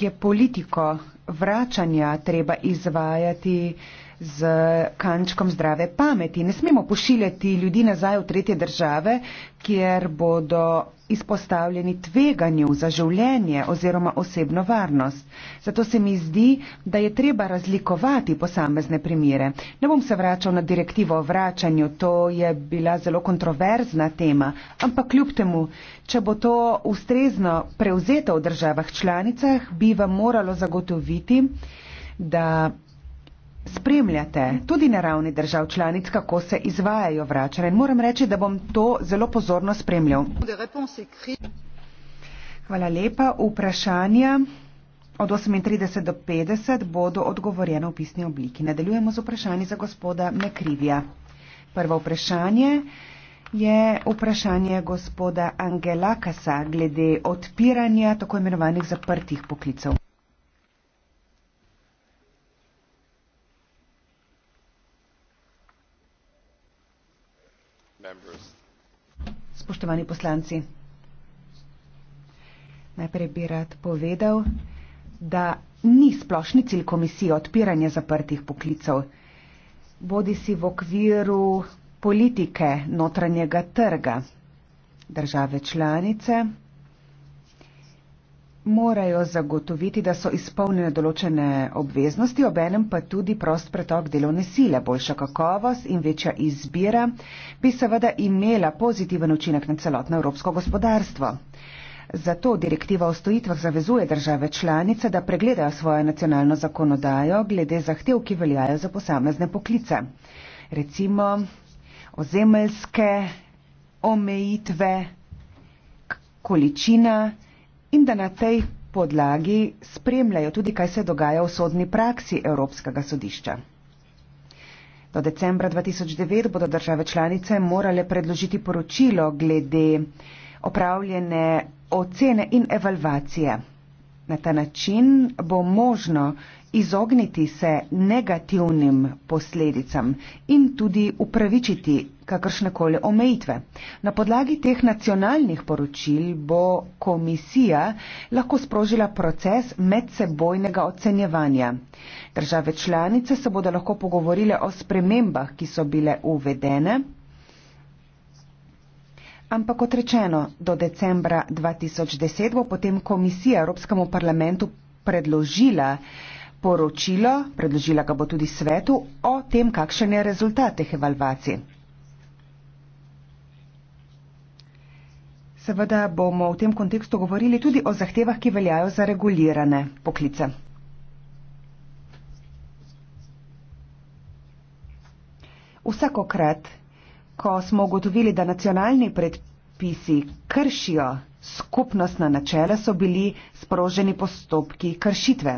je politiko vračanja treba izvajati uh, z kančkom zdrave pameti. Ne smemo pošiljati ljudi nazaj v tretje države, kjer bodo izpostavljeni tveganju za življenje oziroma osebno varnost. Zato se mi zdi, da je treba razlikovati posamezne primere. Ne bom se vračal na direktivo o vračanju, to je bila zelo kontroverzna tema, ampak kljub temu, če bo to ustrezno prevzeto v državah članicah, bi vam moralo zagotoviti, da spremljate tudi na ravni držav članic, kako se izvajajo vračanje. Moram reči, da bom to zelo pozorno spremljal. Hvala lepa. Vprašanja od 38 do 50 bodo odgovorjene v pisni obliki. Nadaljujemo z vprašanji za gospoda Mekrivija. Prvo vprašanje je vprašanje gospoda Angelakasa glede odpiranja tako imenovanih zaprtih poklicov. spoštovani poslanci. Najprej bi rad povedal, da ni splošni cilj komisije odpiranje zaprtih poklicov. Bodi si v okviru politike notranjega trga države članice, morajo zagotoviti, da so izpolnjene določene obveznosti, obenem pa tudi prost pretok delovne sile, boljša kakovost in večja izbira bi seveda imela pozitiven učinek na celotno evropsko gospodarstvo. Zato direktiva o stojitvah zavezuje države članice, da pregledajo svojo nacionalno zakonodajo glede zahtev, ki veljajo za posamezne poklice. Recimo ozemeljske omejitve, količina, in da na tej podlagi spremljajo tudi, kaj se dogaja v sodni praksi Evropskega sodišča. Do decembra 2009 bodo države članice morale predložiti poročilo glede opravljene ocene in evalvacije. Na ta način bo možno izogniti se negativnim posledicam in tudi upravičiti kakršnekoli omejitve. Na podlagi teh nacionalnih poročil bo komisija lahko sprožila proces medsebojnega ocenjevanja. Države članice se bodo lahko pogovorile o spremembah, ki so bile uvedene. Ampak kot rečeno, do decembra 2010 bo potem komisija Evropskemu parlamentu predložila poročilo, predložila ga bo tudi svetu, o tem, kakšen je rezultat teh evalvacij. Seveda bomo v tem kontekstu govorili tudi o zahtevah, ki veljajo za regulirane poklice. Vsakokrat, ko smo ugotovili, da nacionalni predpisi kršijo skupnostna načela, so bili sproženi postopki kršitve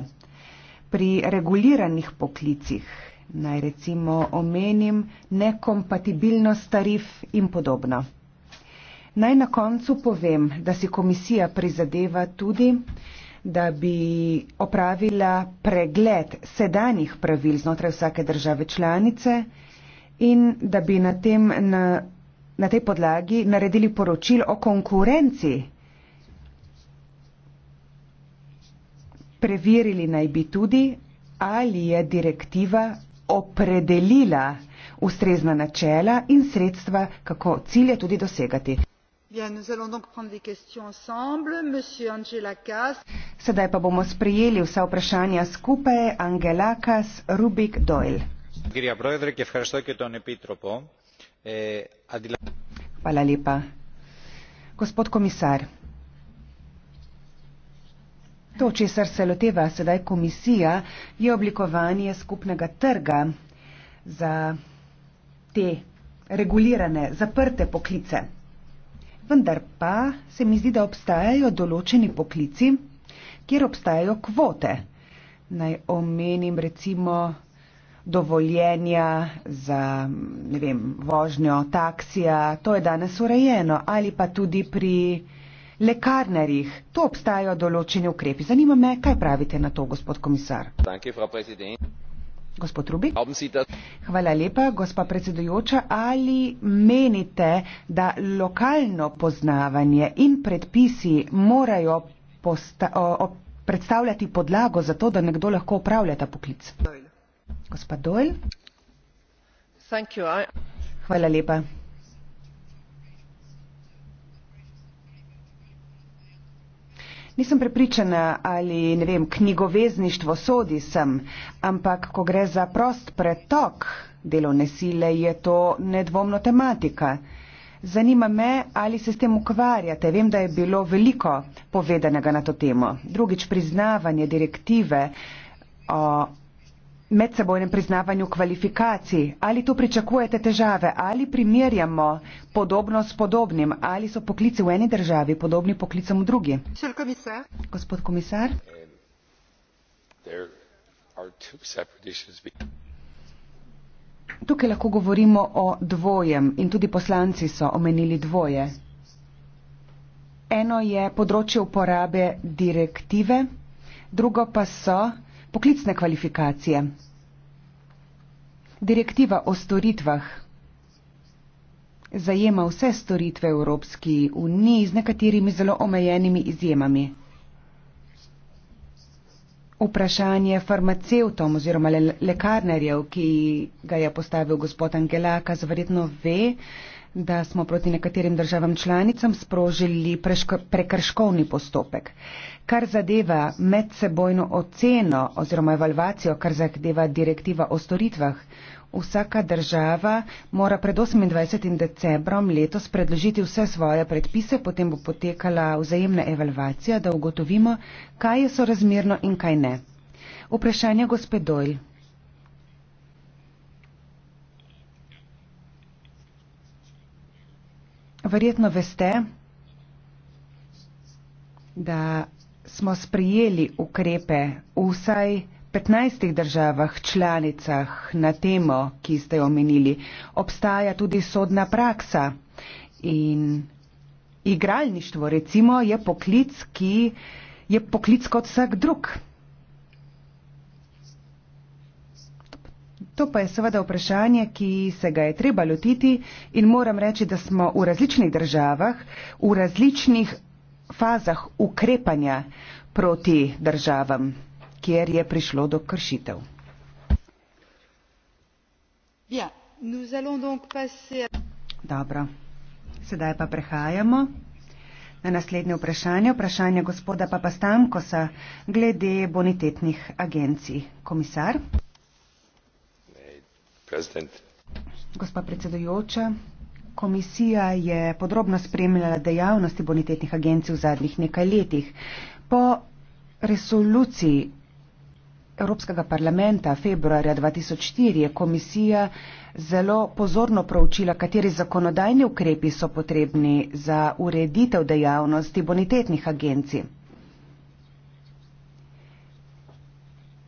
pri reguliranih poklicih. Naj recimo omenim nekompatibilnost tarif in podobno. Naj na koncu povem, da si komisija prizadeva tudi, da bi opravila pregled sedanjih pravil znotraj vsake države članice in da bi na, tem, na, na tej podlagi naredili poročil o konkurenci Preverili naj bi tudi, ali je direktiva opredelila ustrezna načela in sredstva, kako cilje tudi dosegati. Sedaj pa bomo sprejeli vsa vprašanja skupaj Angela Kas Rubik Doyle. Hvala lepa. Gospod komisar, To, česar se loteva sedaj komisija, je oblikovanje skupnega trga za te regulirane, zaprte poklice. Vendar pa se mi zdi, da obstajajo določeni poklici, kjer obstajajo kvote. Naj omenim recimo dovoljenja za ne vem, vožnjo taksija, to je danes urejeno, ali pa tudi pri lekarnerjih. To obstajajo določeni ukrepi. Zanima me, kaj pravite na to, gospod komisar. Gospod Rubi. Hvala lepa, gospa predsedujoča. Ali menite, da lokalno poznavanje in predpisi morajo predstavljati podlago za to, da nekdo lahko upravlja ta poklic? Gospod Doyle. Hvala lepa. Nisem prepričana ali, ne vem, knjigovezništvo sodi sem, ampak ko gre za prost pretok delovne sile, je to nedvomno tematika. Zanima me, ali se s tem ukvarjate. Vem, da je bilo veliko povedanega na to temo. Drugič, priznavanje direktive o medsebojnem priznavanju kvalifikacij, ali tu pričakujete težave, ali primerjamo podobno s podobnim, ali so poklici v eni državi podobni poklicom v drugi. Komisar. Gospod komisar. Um, Tukaj lahko govorimo o dvojem in tudi poslanci so omenili dvoje. Eno je področje uporabe direktive, drugo pa so poklicne kvalifikacije. Direktiva o storitvah zajema vse storitve Evropski uniji z nekaterimi zelo omejenimi izjemami. Vprašanje farmacevtom oziroma le lekarnerjev, ki ga je postavil gospod Angelaka, zverjetno ve, da smo proti nekaterim državam članicam sprožili prekrškovni postopek. Uh, kar zadeva medsebojno oceno oziroma evalvacijo, kar zadeva direktiva o storitvah. Vsaka država mora pred 28. decembrom letos predložiti vse svoje predpise, potem bo potekala vzajemna evalvacija, da ugotovimo, kaj je sorazmerno in kaj ne. Vprašanje gospod Dojl. Verjetno veste, da smo sprijeli ukrepe v vsaj 15 državah članicah na temo, ki ste jo omenili. Obstaja tudi sodna praksa in igralništvo recimo je poklic, ki je poklic kot vsak drug. To pa je seveda vprašanje, ki se ga je treba lotiti in moram reči, da smo v različnih državah, v različnih fazah ukrepanja proti državam, kjer je prišlo do kršitev. Dobro, sedaj pa prehajamo na naslednje vprašanje, vprašanje gospoda Papa Stankosa glede bonitetnih agencij. Komisar. Gospa predsedujoča, Komisija je podrobno spremljala dejavnosti bonitetnih agencij v zadnjih nekaj letih. Po resoluciji Evropskega parlamenta februarja 2004 je komisija zelo pozorno proučila, kateri zakonodajni ukrepi so potrebni za ureditev dejavnosti bonitetnih agencij.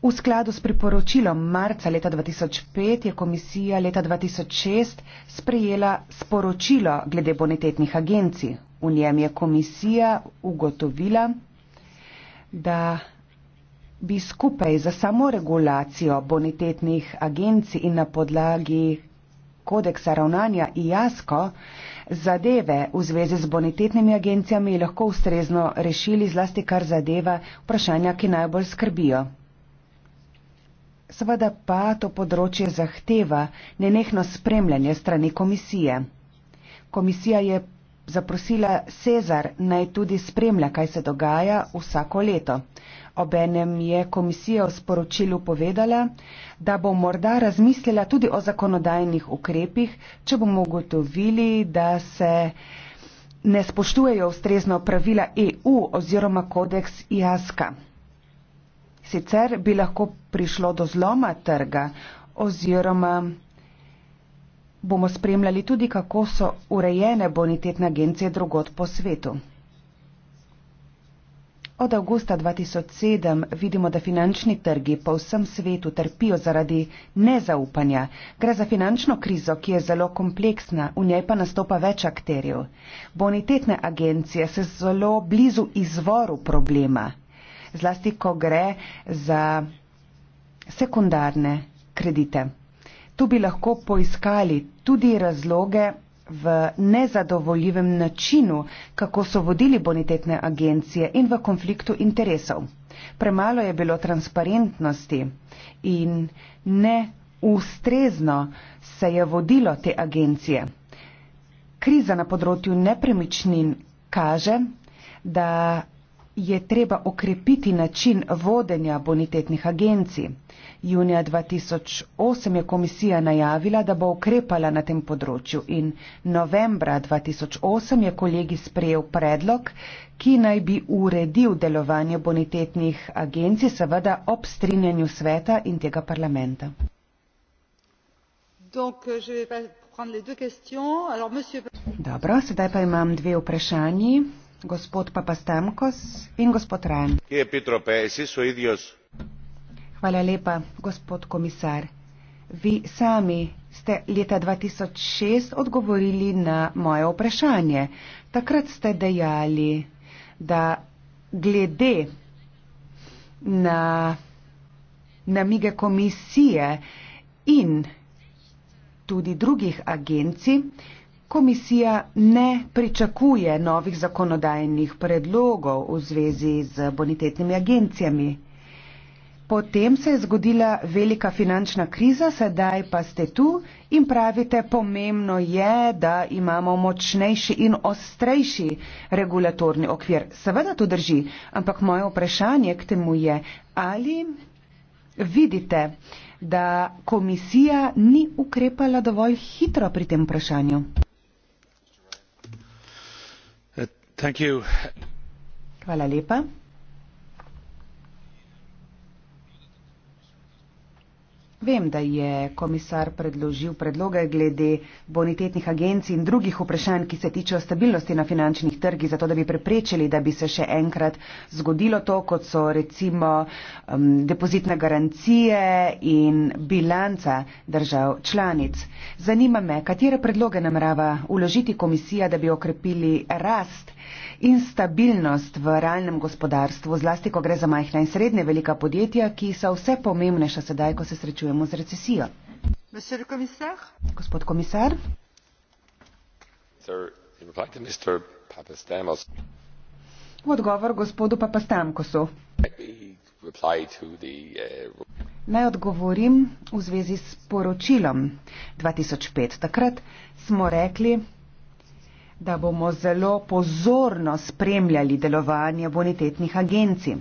V skladu s priporočilom marca leta 2005 je komisija leta 2006 sprejela sporočilo glede bonitetnih agencij. V njem je komisija ugotovila, da bi skupaj za samo regulacijo bonitetnih agencij in na podlagi kodeksa ravnanja IASKO zadeve v zvezi z bonitetnimi agencijami lahko ustrezno rešili zlasti kar zadeva vprašanja, ki najbolj skrbijo. Seveda pa to področje zahteva nenehno spremljanje strani komisije. Komisija je zaprosila Cezar naj tudi spremlja, kaj se dogaja vsako leto. Obenem je komisija v sporočilu povedala, da bo morda razmislila tudi o zakonodajnih ukrepih, če bomo ugotovili, da se ne spoštujejo ustrezno pravila EU oziroma kodeks IASKA. Sicer bi lahko prišlo do zloma trga oziroma bomo spremljali tudi, kako so urejene bonitetne agencije drugot po svetu. Od avgusta 2007 vidimo, da finančni trgi po vsem svetu trpijo zaradi nezaupanja. Gre za finančno krizo, ki je zelo kompleksna, v njej pa nastopa več akterjev. Bonitetne agencije se zelo blizu izvoru problema zlasti ko gre za sekundarne kredite. Tu bi lahko poiskali tudi razloge v nezadovoljivem načinu, kako so vodili bonitetne agencije in v konfliktu interesov. Premalo je bilo transparentnosti in neustrezno se je vodilo te agencije. Kriza na področju nepremičnin kaže, da je treba okrepiti način vodenja bonitetnih agencij. Junija 2008 je komisija najavila, da bo ukrepala na tem področju in novembra 2008 je kolegi sprejel predlog, ki naj bi uredil delovanje bonitetnih agencij, seveda ob strinjanju sveta in tega parlamenta. Euh, Dobro, sedaj pa imam dve vprašanji gospod Papastamkos in gospod Rajan. Kje je Petro Pejsi, so idios? Hvala lepa, gospod komisar. Vi sami ste leta 2006 odgovorili na moje vprašanje. Takrat ste dejali, da glede na namige komisije in tudi drugih agencij, Komisija ne pričakuje novih zakonodajnih predlogov v zvezi z bonitetnimi agencijami. Potem se je zgodila velika finančna kriza, sedaj pa ste tu in pravite, pomembno je, da imamo močnejši in ostrejši regulatorni okvir. Seveda to drži, ampak moje vprašanje k temu je, ali vidite, da komisija ni ukrepala dovolj hitro pri tem vprašanju. Hvala lepa. Vem, da je komisar predložil predloge glede bonitetnih agencij in drugih vprašanj, ki se tičejo stabilnosti na finančnih trgih, zato da bi preprečili, da bi se še enkrat zgodilo to, kot so recimo um, depozitne garancije in bilanca držav članic. Zanima me, katere predloge namrava uložiti komisija, da bi okrepili rast in stabilnost v realnem gospodarstvu, zlasti ko gre za majhna in srednje velika podjetja, ki so vse pomembnejša sedaj, ko se srečujemo z recesijo. Komisar? Gospod komisar. Sir, v odgovor gospodu Papastamkosu. Uh, Naj odgovorim v zvezi s poročilom 2005. Takrat smo rekli, da bomo zelo pozorno spremljali delovanje bonitetnih agencij.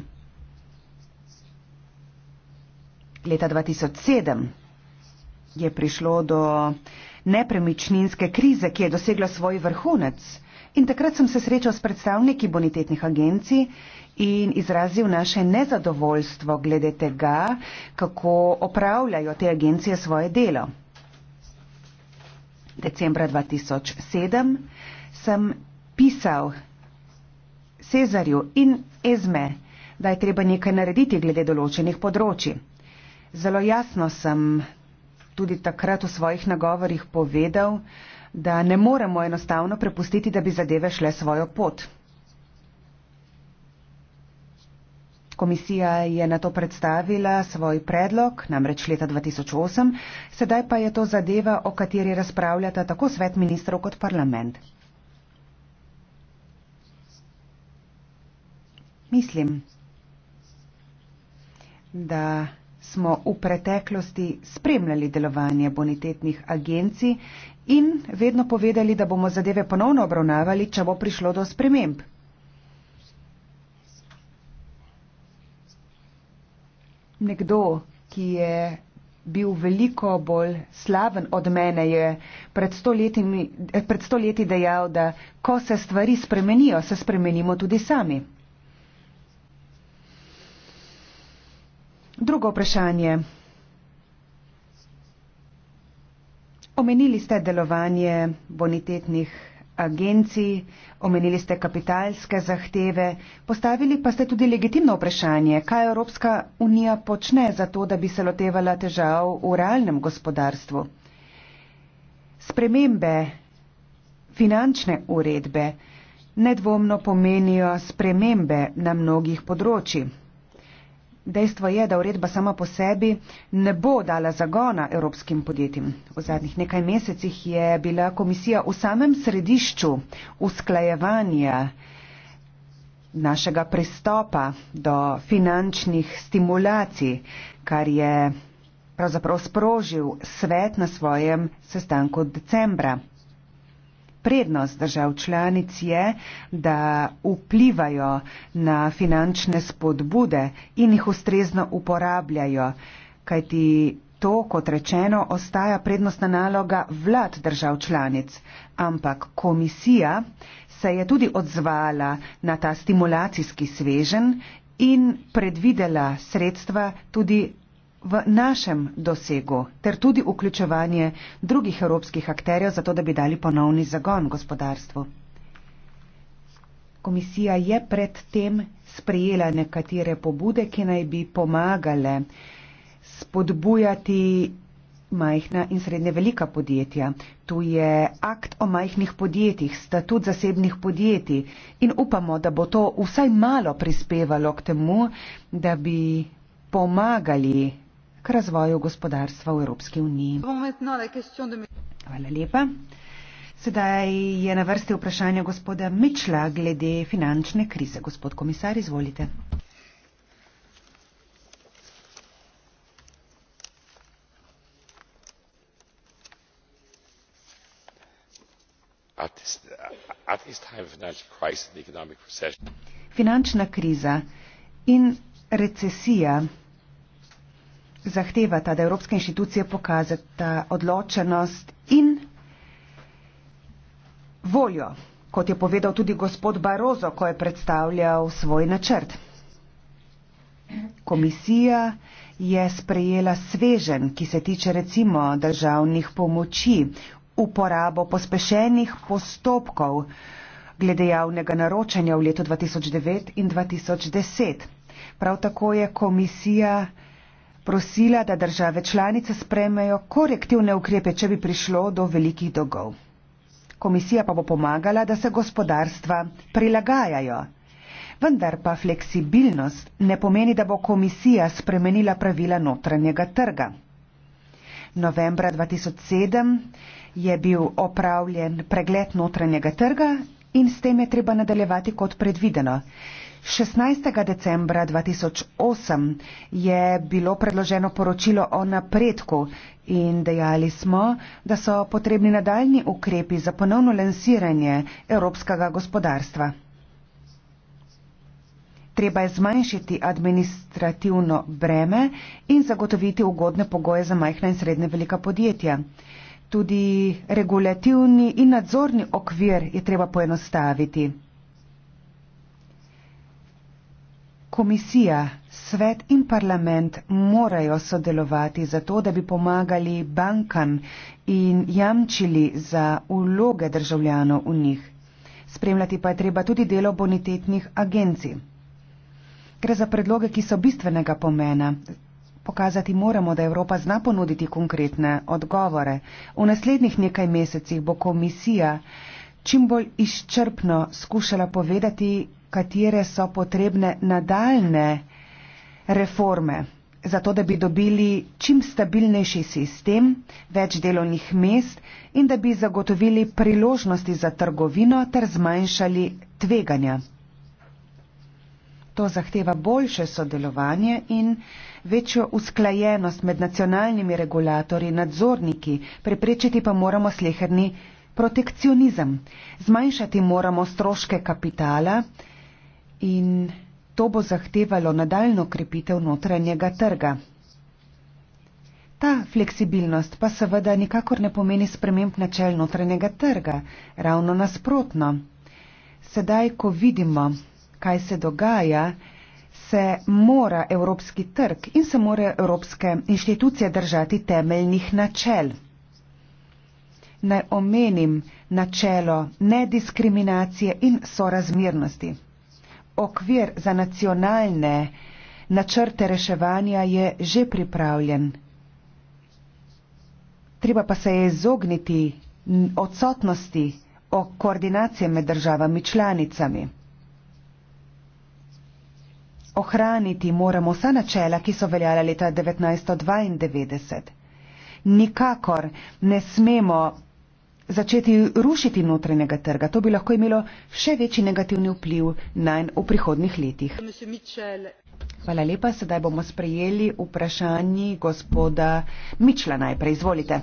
Leta 2007 je prišlo do nepremičninske krize, ki je dosegla svoj vrhunec. In takrat sem se srečal s predstavniki bonitetnih agencij in izrazil naše nezadovoljstvo glede tega, kako opravljajo te agencije svoje delo. Decembra 2007 sem pisal Cezarju in Ezme, da je treba nekaj narediti glede določenih področji. Zelo jasno sem tudi takrat v svojih nagovorih povedal, da ne moremo enostavno prepustiti, da bi zadeve šle svojo pot. Komisija je na to predstavila svoj predlog, namreč leta 2008, sedaj pa je to zadeva, o kateri razpravljata tako svet ministrov kot parlament. Mislim, da smo v preteklosti spremljali delovanje bonitetnih agencij in vedno povedali, da bomo zadeve ponovno obravnavali, če bo prišlo do sprememb. Nekdo, ki je bil veliko bolj slaven od mene, je pred stoletji, eh, pred stoletji dejal, da ko se stvari spremenijo, se spremenimo tudi sami. Drugo vprašanje. Omenili ste delovanje bonitetnih agencij, omenili ste kapitalske zahteve, postavili pa ste tudi legitimno vprašanje, kaj Evropska unija počne za to, da bi se lotevala težav v realnem gospodarstvu. Spremembe finančne uredbe nedvomno pomenijo spremembe na mnogih področjih. Dejstvo je, da uredba sama po sebi ne bo dala zagona evropskim podjetjem. V zadnjih nekaj mesecih je bila komisija v samem središču usklajevanja našega pristopa do finančnih stimulacij, kar je pravzaprav sprožil svet na svojem sestanku decembra prednost držav članic je, da vplivajo na finančne spodbude in jih ustrezno uporabljajo, kajti to, kot rečeno, ostaja prednostna naloga vlad držav članic, ampak komisija se je tudi odzvala na ta stimulacijski svežen in predvidela sredstva tudi v našem dosegu ter tudi vključevanje drugih evropskih akterjev, zato da bi dali ponovni zagon gospodarstvu. Komisija je predtem sprejela nekatere pobude, ki naj bi pomagale spodbujati majhna in srednje velika podjetja. Tu je akt o majhnih podjetjih, statut zasebnih podjetij in upamo, da bo to vsaj malo prispevalo k temu, da bi pomagali k razvoju gospodarstva v Evropski uniji. Hvala lepa. Sedaj je na vrsti vprašanje gospoda Mičla glede finančne krize. Gospod komisar, izvolite. Finančna kriza in recesija zahtevata, da evropske inštitucije pokazata odločenost in voljo, kot je povedal tudi gospod Barozo, ko je predstavljal svoj načrt. Komisija je sprejela svežen, ki se tiče recimo državnih pomoči, uporabo pospešenih postopkov glede javnega naročanja v letu 2009 in 2010. Prav tako je komisija prosila, da države članice spremejo korektivne ukrepe, če bi prišlo do velikih dolgov. Komisija pa bo pomagala, da se gospodarstva prilagajajo. Vendar pa fleksibilnost ne pomeni, da bo komisija spremenila pravila notranjega trga. Novembra 2007 je bil opravljen pregled notranjega trga in s tem je treba nadaljevati kot predvideno. 16. decembra 2008 je bilo predloženo poročilo o napredku in dejali smo, da so potrebni nadaljni ukrepi za ponovno lansiranje evropskega gospodarstva. Treba je zmanjšiti administrativno breme in zagotoviti ugodne pogoje za majhna in srednje velika podjetja. Tudi regulativni in nadzorni okvir je treba poenostaviti. Komisija, svet in parlament morajo sodelovati zato, da bi pomagali bankam in jamčili za uloge državljanov v njih. Spremljati pa je treba tudi delo bonitetnih agencij. Gre za predloge, ki so bistvenega pomena. Pokazati moramo, da Evropa zna ponuditi konkretne odgovore. V naslednjih nekaj mesecih bo komisija čim bolj izčrpno skušala povedati, katere so potrebne nadaljne reforme, zato da bi dobili čim stabilnejši sistem, več delovnih mest in da bi zagotovili priložnosti za trgovino ter zmanjšali tveganja. To zahteva boljše sodelovanje in večjo usklajenost med nacionalnimi regulatorji in nadzorniki, preprečiti pa moramo sleherni protekcionizem. Zmanjšati moramo stroške kapitala, in to bo zahtevalo nadaljno krepitev notranjega trga. Ta fleksibilnost pa seveda nikakor ne pomeni sprememb načel notranjega trga, ravno nasprotno. Sedaj, ko vidimo, kaj se dogaja, se mora evropski trg in se morajo evropske inštitucije držati temeljnih načel. Naj omenim načelo nediskriminacije in sorazmernosti okvir za nacionalne načrte reševanja je že pripravljen. Treba pa se je izogniti odsotnosti o koordinacije med državami članicami. Ohraniti moramo vsa načela, ki so veljala leta 1992. Nikakor ne smemo začeti rušiti notranjega trga. To bi lahko imelo še večji negativni vpliv na en v prihodnih letih. Hvala lepa. Sedaj bomo sprejeli vprašanje gospoda Mičla najprej. Izvolite.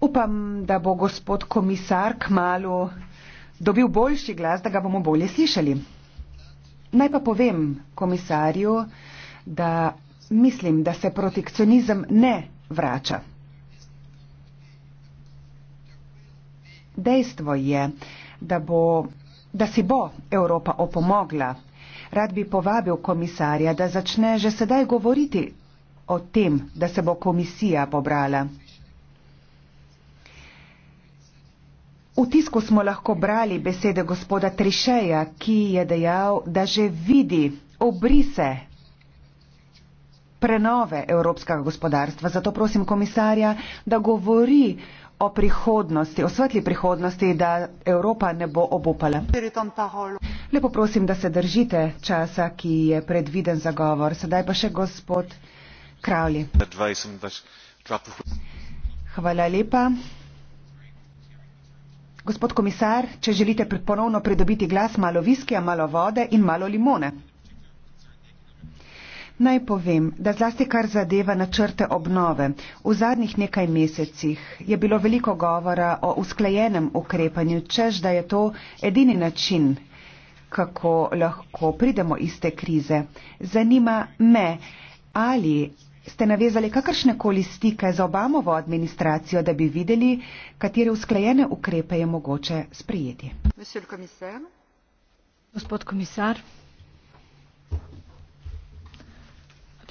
Upam, da bo gospod komisar kmalo dobil boljši glas, da ga bomo bolje slišali. Naj pa povem komisarju, da mislim, da se protekcionizem ne vrača. dejstvo je, da, bo, da si bo Evropa opomogla. Rad bi povabil komisarja, da začne že sedaj govoriti o tem, da se bo komisija pobrala. V tisku smo lahko brali besede gospoda Trišeja, ki je dejal, da že vidi obrise prenove evropskega gospodarstva. Zato prosim komisarja, da govori o prihodnosti, o svetli prihodnosti, da Evropa ne bo obupala. Lepo prosim, da se držite časa, ki je predviden za govor. Sedaj pa še gospod Kravli. Hvala lepa. Gospod komisar, če želite ponovno pridobiti glas, malo viskija, malo vode in malo limone. Naj povem, da zlasti kar zadeva načrte obnove. V zadnjih nekaj mesecih je bilo veliko govora o usklajenem ukrepanju, čež da je to edini način, kako lahko pridemo iz te krize. Zanima me, ali ste navezali kakršnekoli stike z Obamovo administracijo, da bi videli, katere usklajene ukrepe je mogoče sprijeti. Gospod komisar.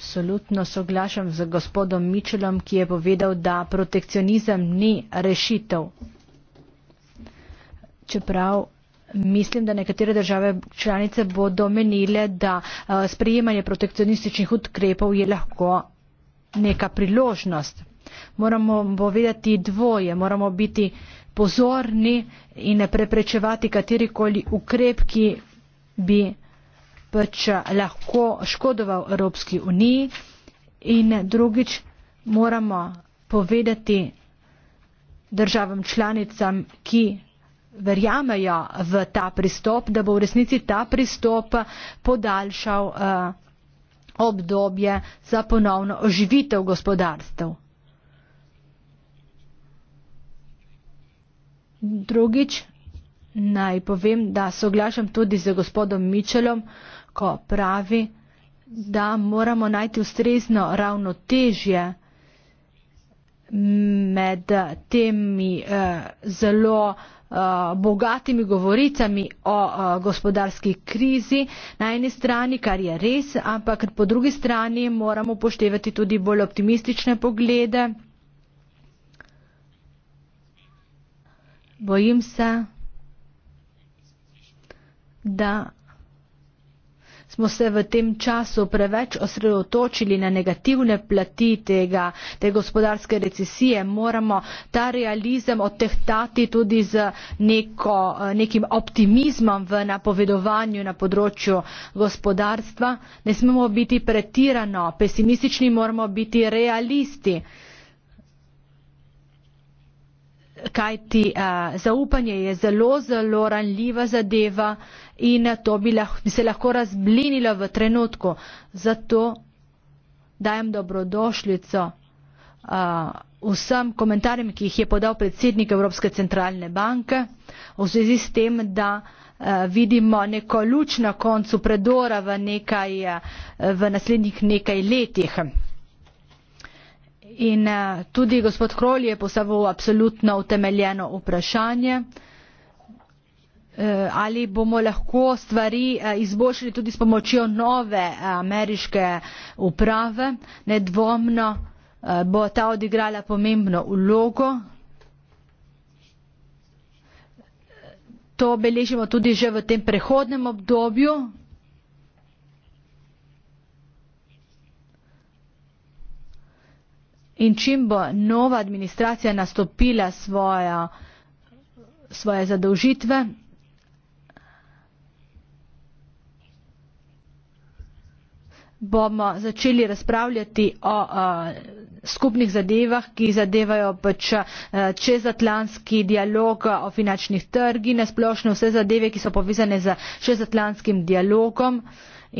Absolutno soglašam z gospodom Mičelom, ki je povedal, da protekcionizem ni rešitev. Čeprav mislim, da nekatere države članice bodo menile, da eh, sprejemanje protekcionističnih ukrepov je lahko neka priložnost. Moramo povedati dvoje, moramo biti pozorni in preprečevati katerikoli ukrep, ki bi pač lahko škodoval Evropski uniji in drugič moramo povedati državam članicam, ki verjamejo v ta pristop, da bo v resnici ta pristop podaljšal eh, obdobje za ponovno oživitev gospodarstv. Drugič, naj povem, da soglašam tudi z gospodom Mičelom, eh, ko pravi, da moramo najti ustrezno ravnotežje med temi eh, zelo eh, bogatimi govoricami o eh, gospodarski krizi na eni strani, kar je res, ampak po drugi strani moramo poštevati tudi bolj optimistične poglede. Bojim se, da smo se v tem času preveč osredotočili na negativne plati tega, te gospodarske recesije, moramo ta realizem odtehtati tudi z neko, nekim optimizmom v napovedovanju na področju gospodarstva. Ne smemo biti pretirano pesimistični, moramo biti realisti. Kajti uh, zaupanje je zelo, zelo ranljiva zadeva in to bi, lahko, bi se lahko razblinilo v trenutku. Zato dajem dobrodošljico uh, vsem komentarjem, ki jih je podal predsednik Evropske centralne banke v zvezi s tem, da vidimo neko luč na koncu predora v, nekaj, v naslednjih nekaj letih. In tudi gospod Krol je postavil absolutno utemeljeno vprašanje. Eh, ali bomo lahko stvari eh, izboljšali tudi s pomočjo nove eh, ameriške uprave. Nedvomno bo ta odigrala pomembno vlogo. To beležimo tudi že v tem prehodnem obdobju. In čim bo nova administracija nastopila svoje, svoje zadolžitve, bomo začeli razpravljati o uh, skupnih zadevah, ki zadevajo pač uh, čezatlantski dialog uh, o finančnih trgih, nasplošno vse zadeve, ki so povezane z čezatlantskim dialogom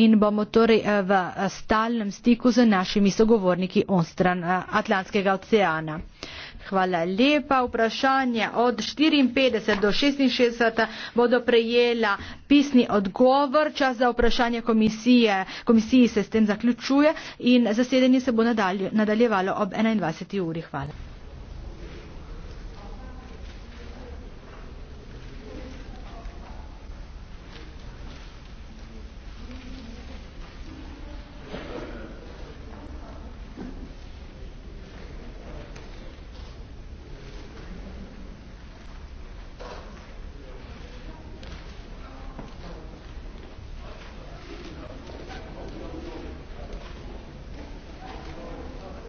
in bomo torej v stalnem stiku z našimi sogovorniki onstran Atlantskega oceana. Hvala lepa. Vprašanje od 54 do 66 bodo prejela pisni odgovor. Čas za vprašanje komisije. komisiji se s tem zaključuje in zasedanje se bo nadalje, nadaljevalo ob 21. uri. Hvala.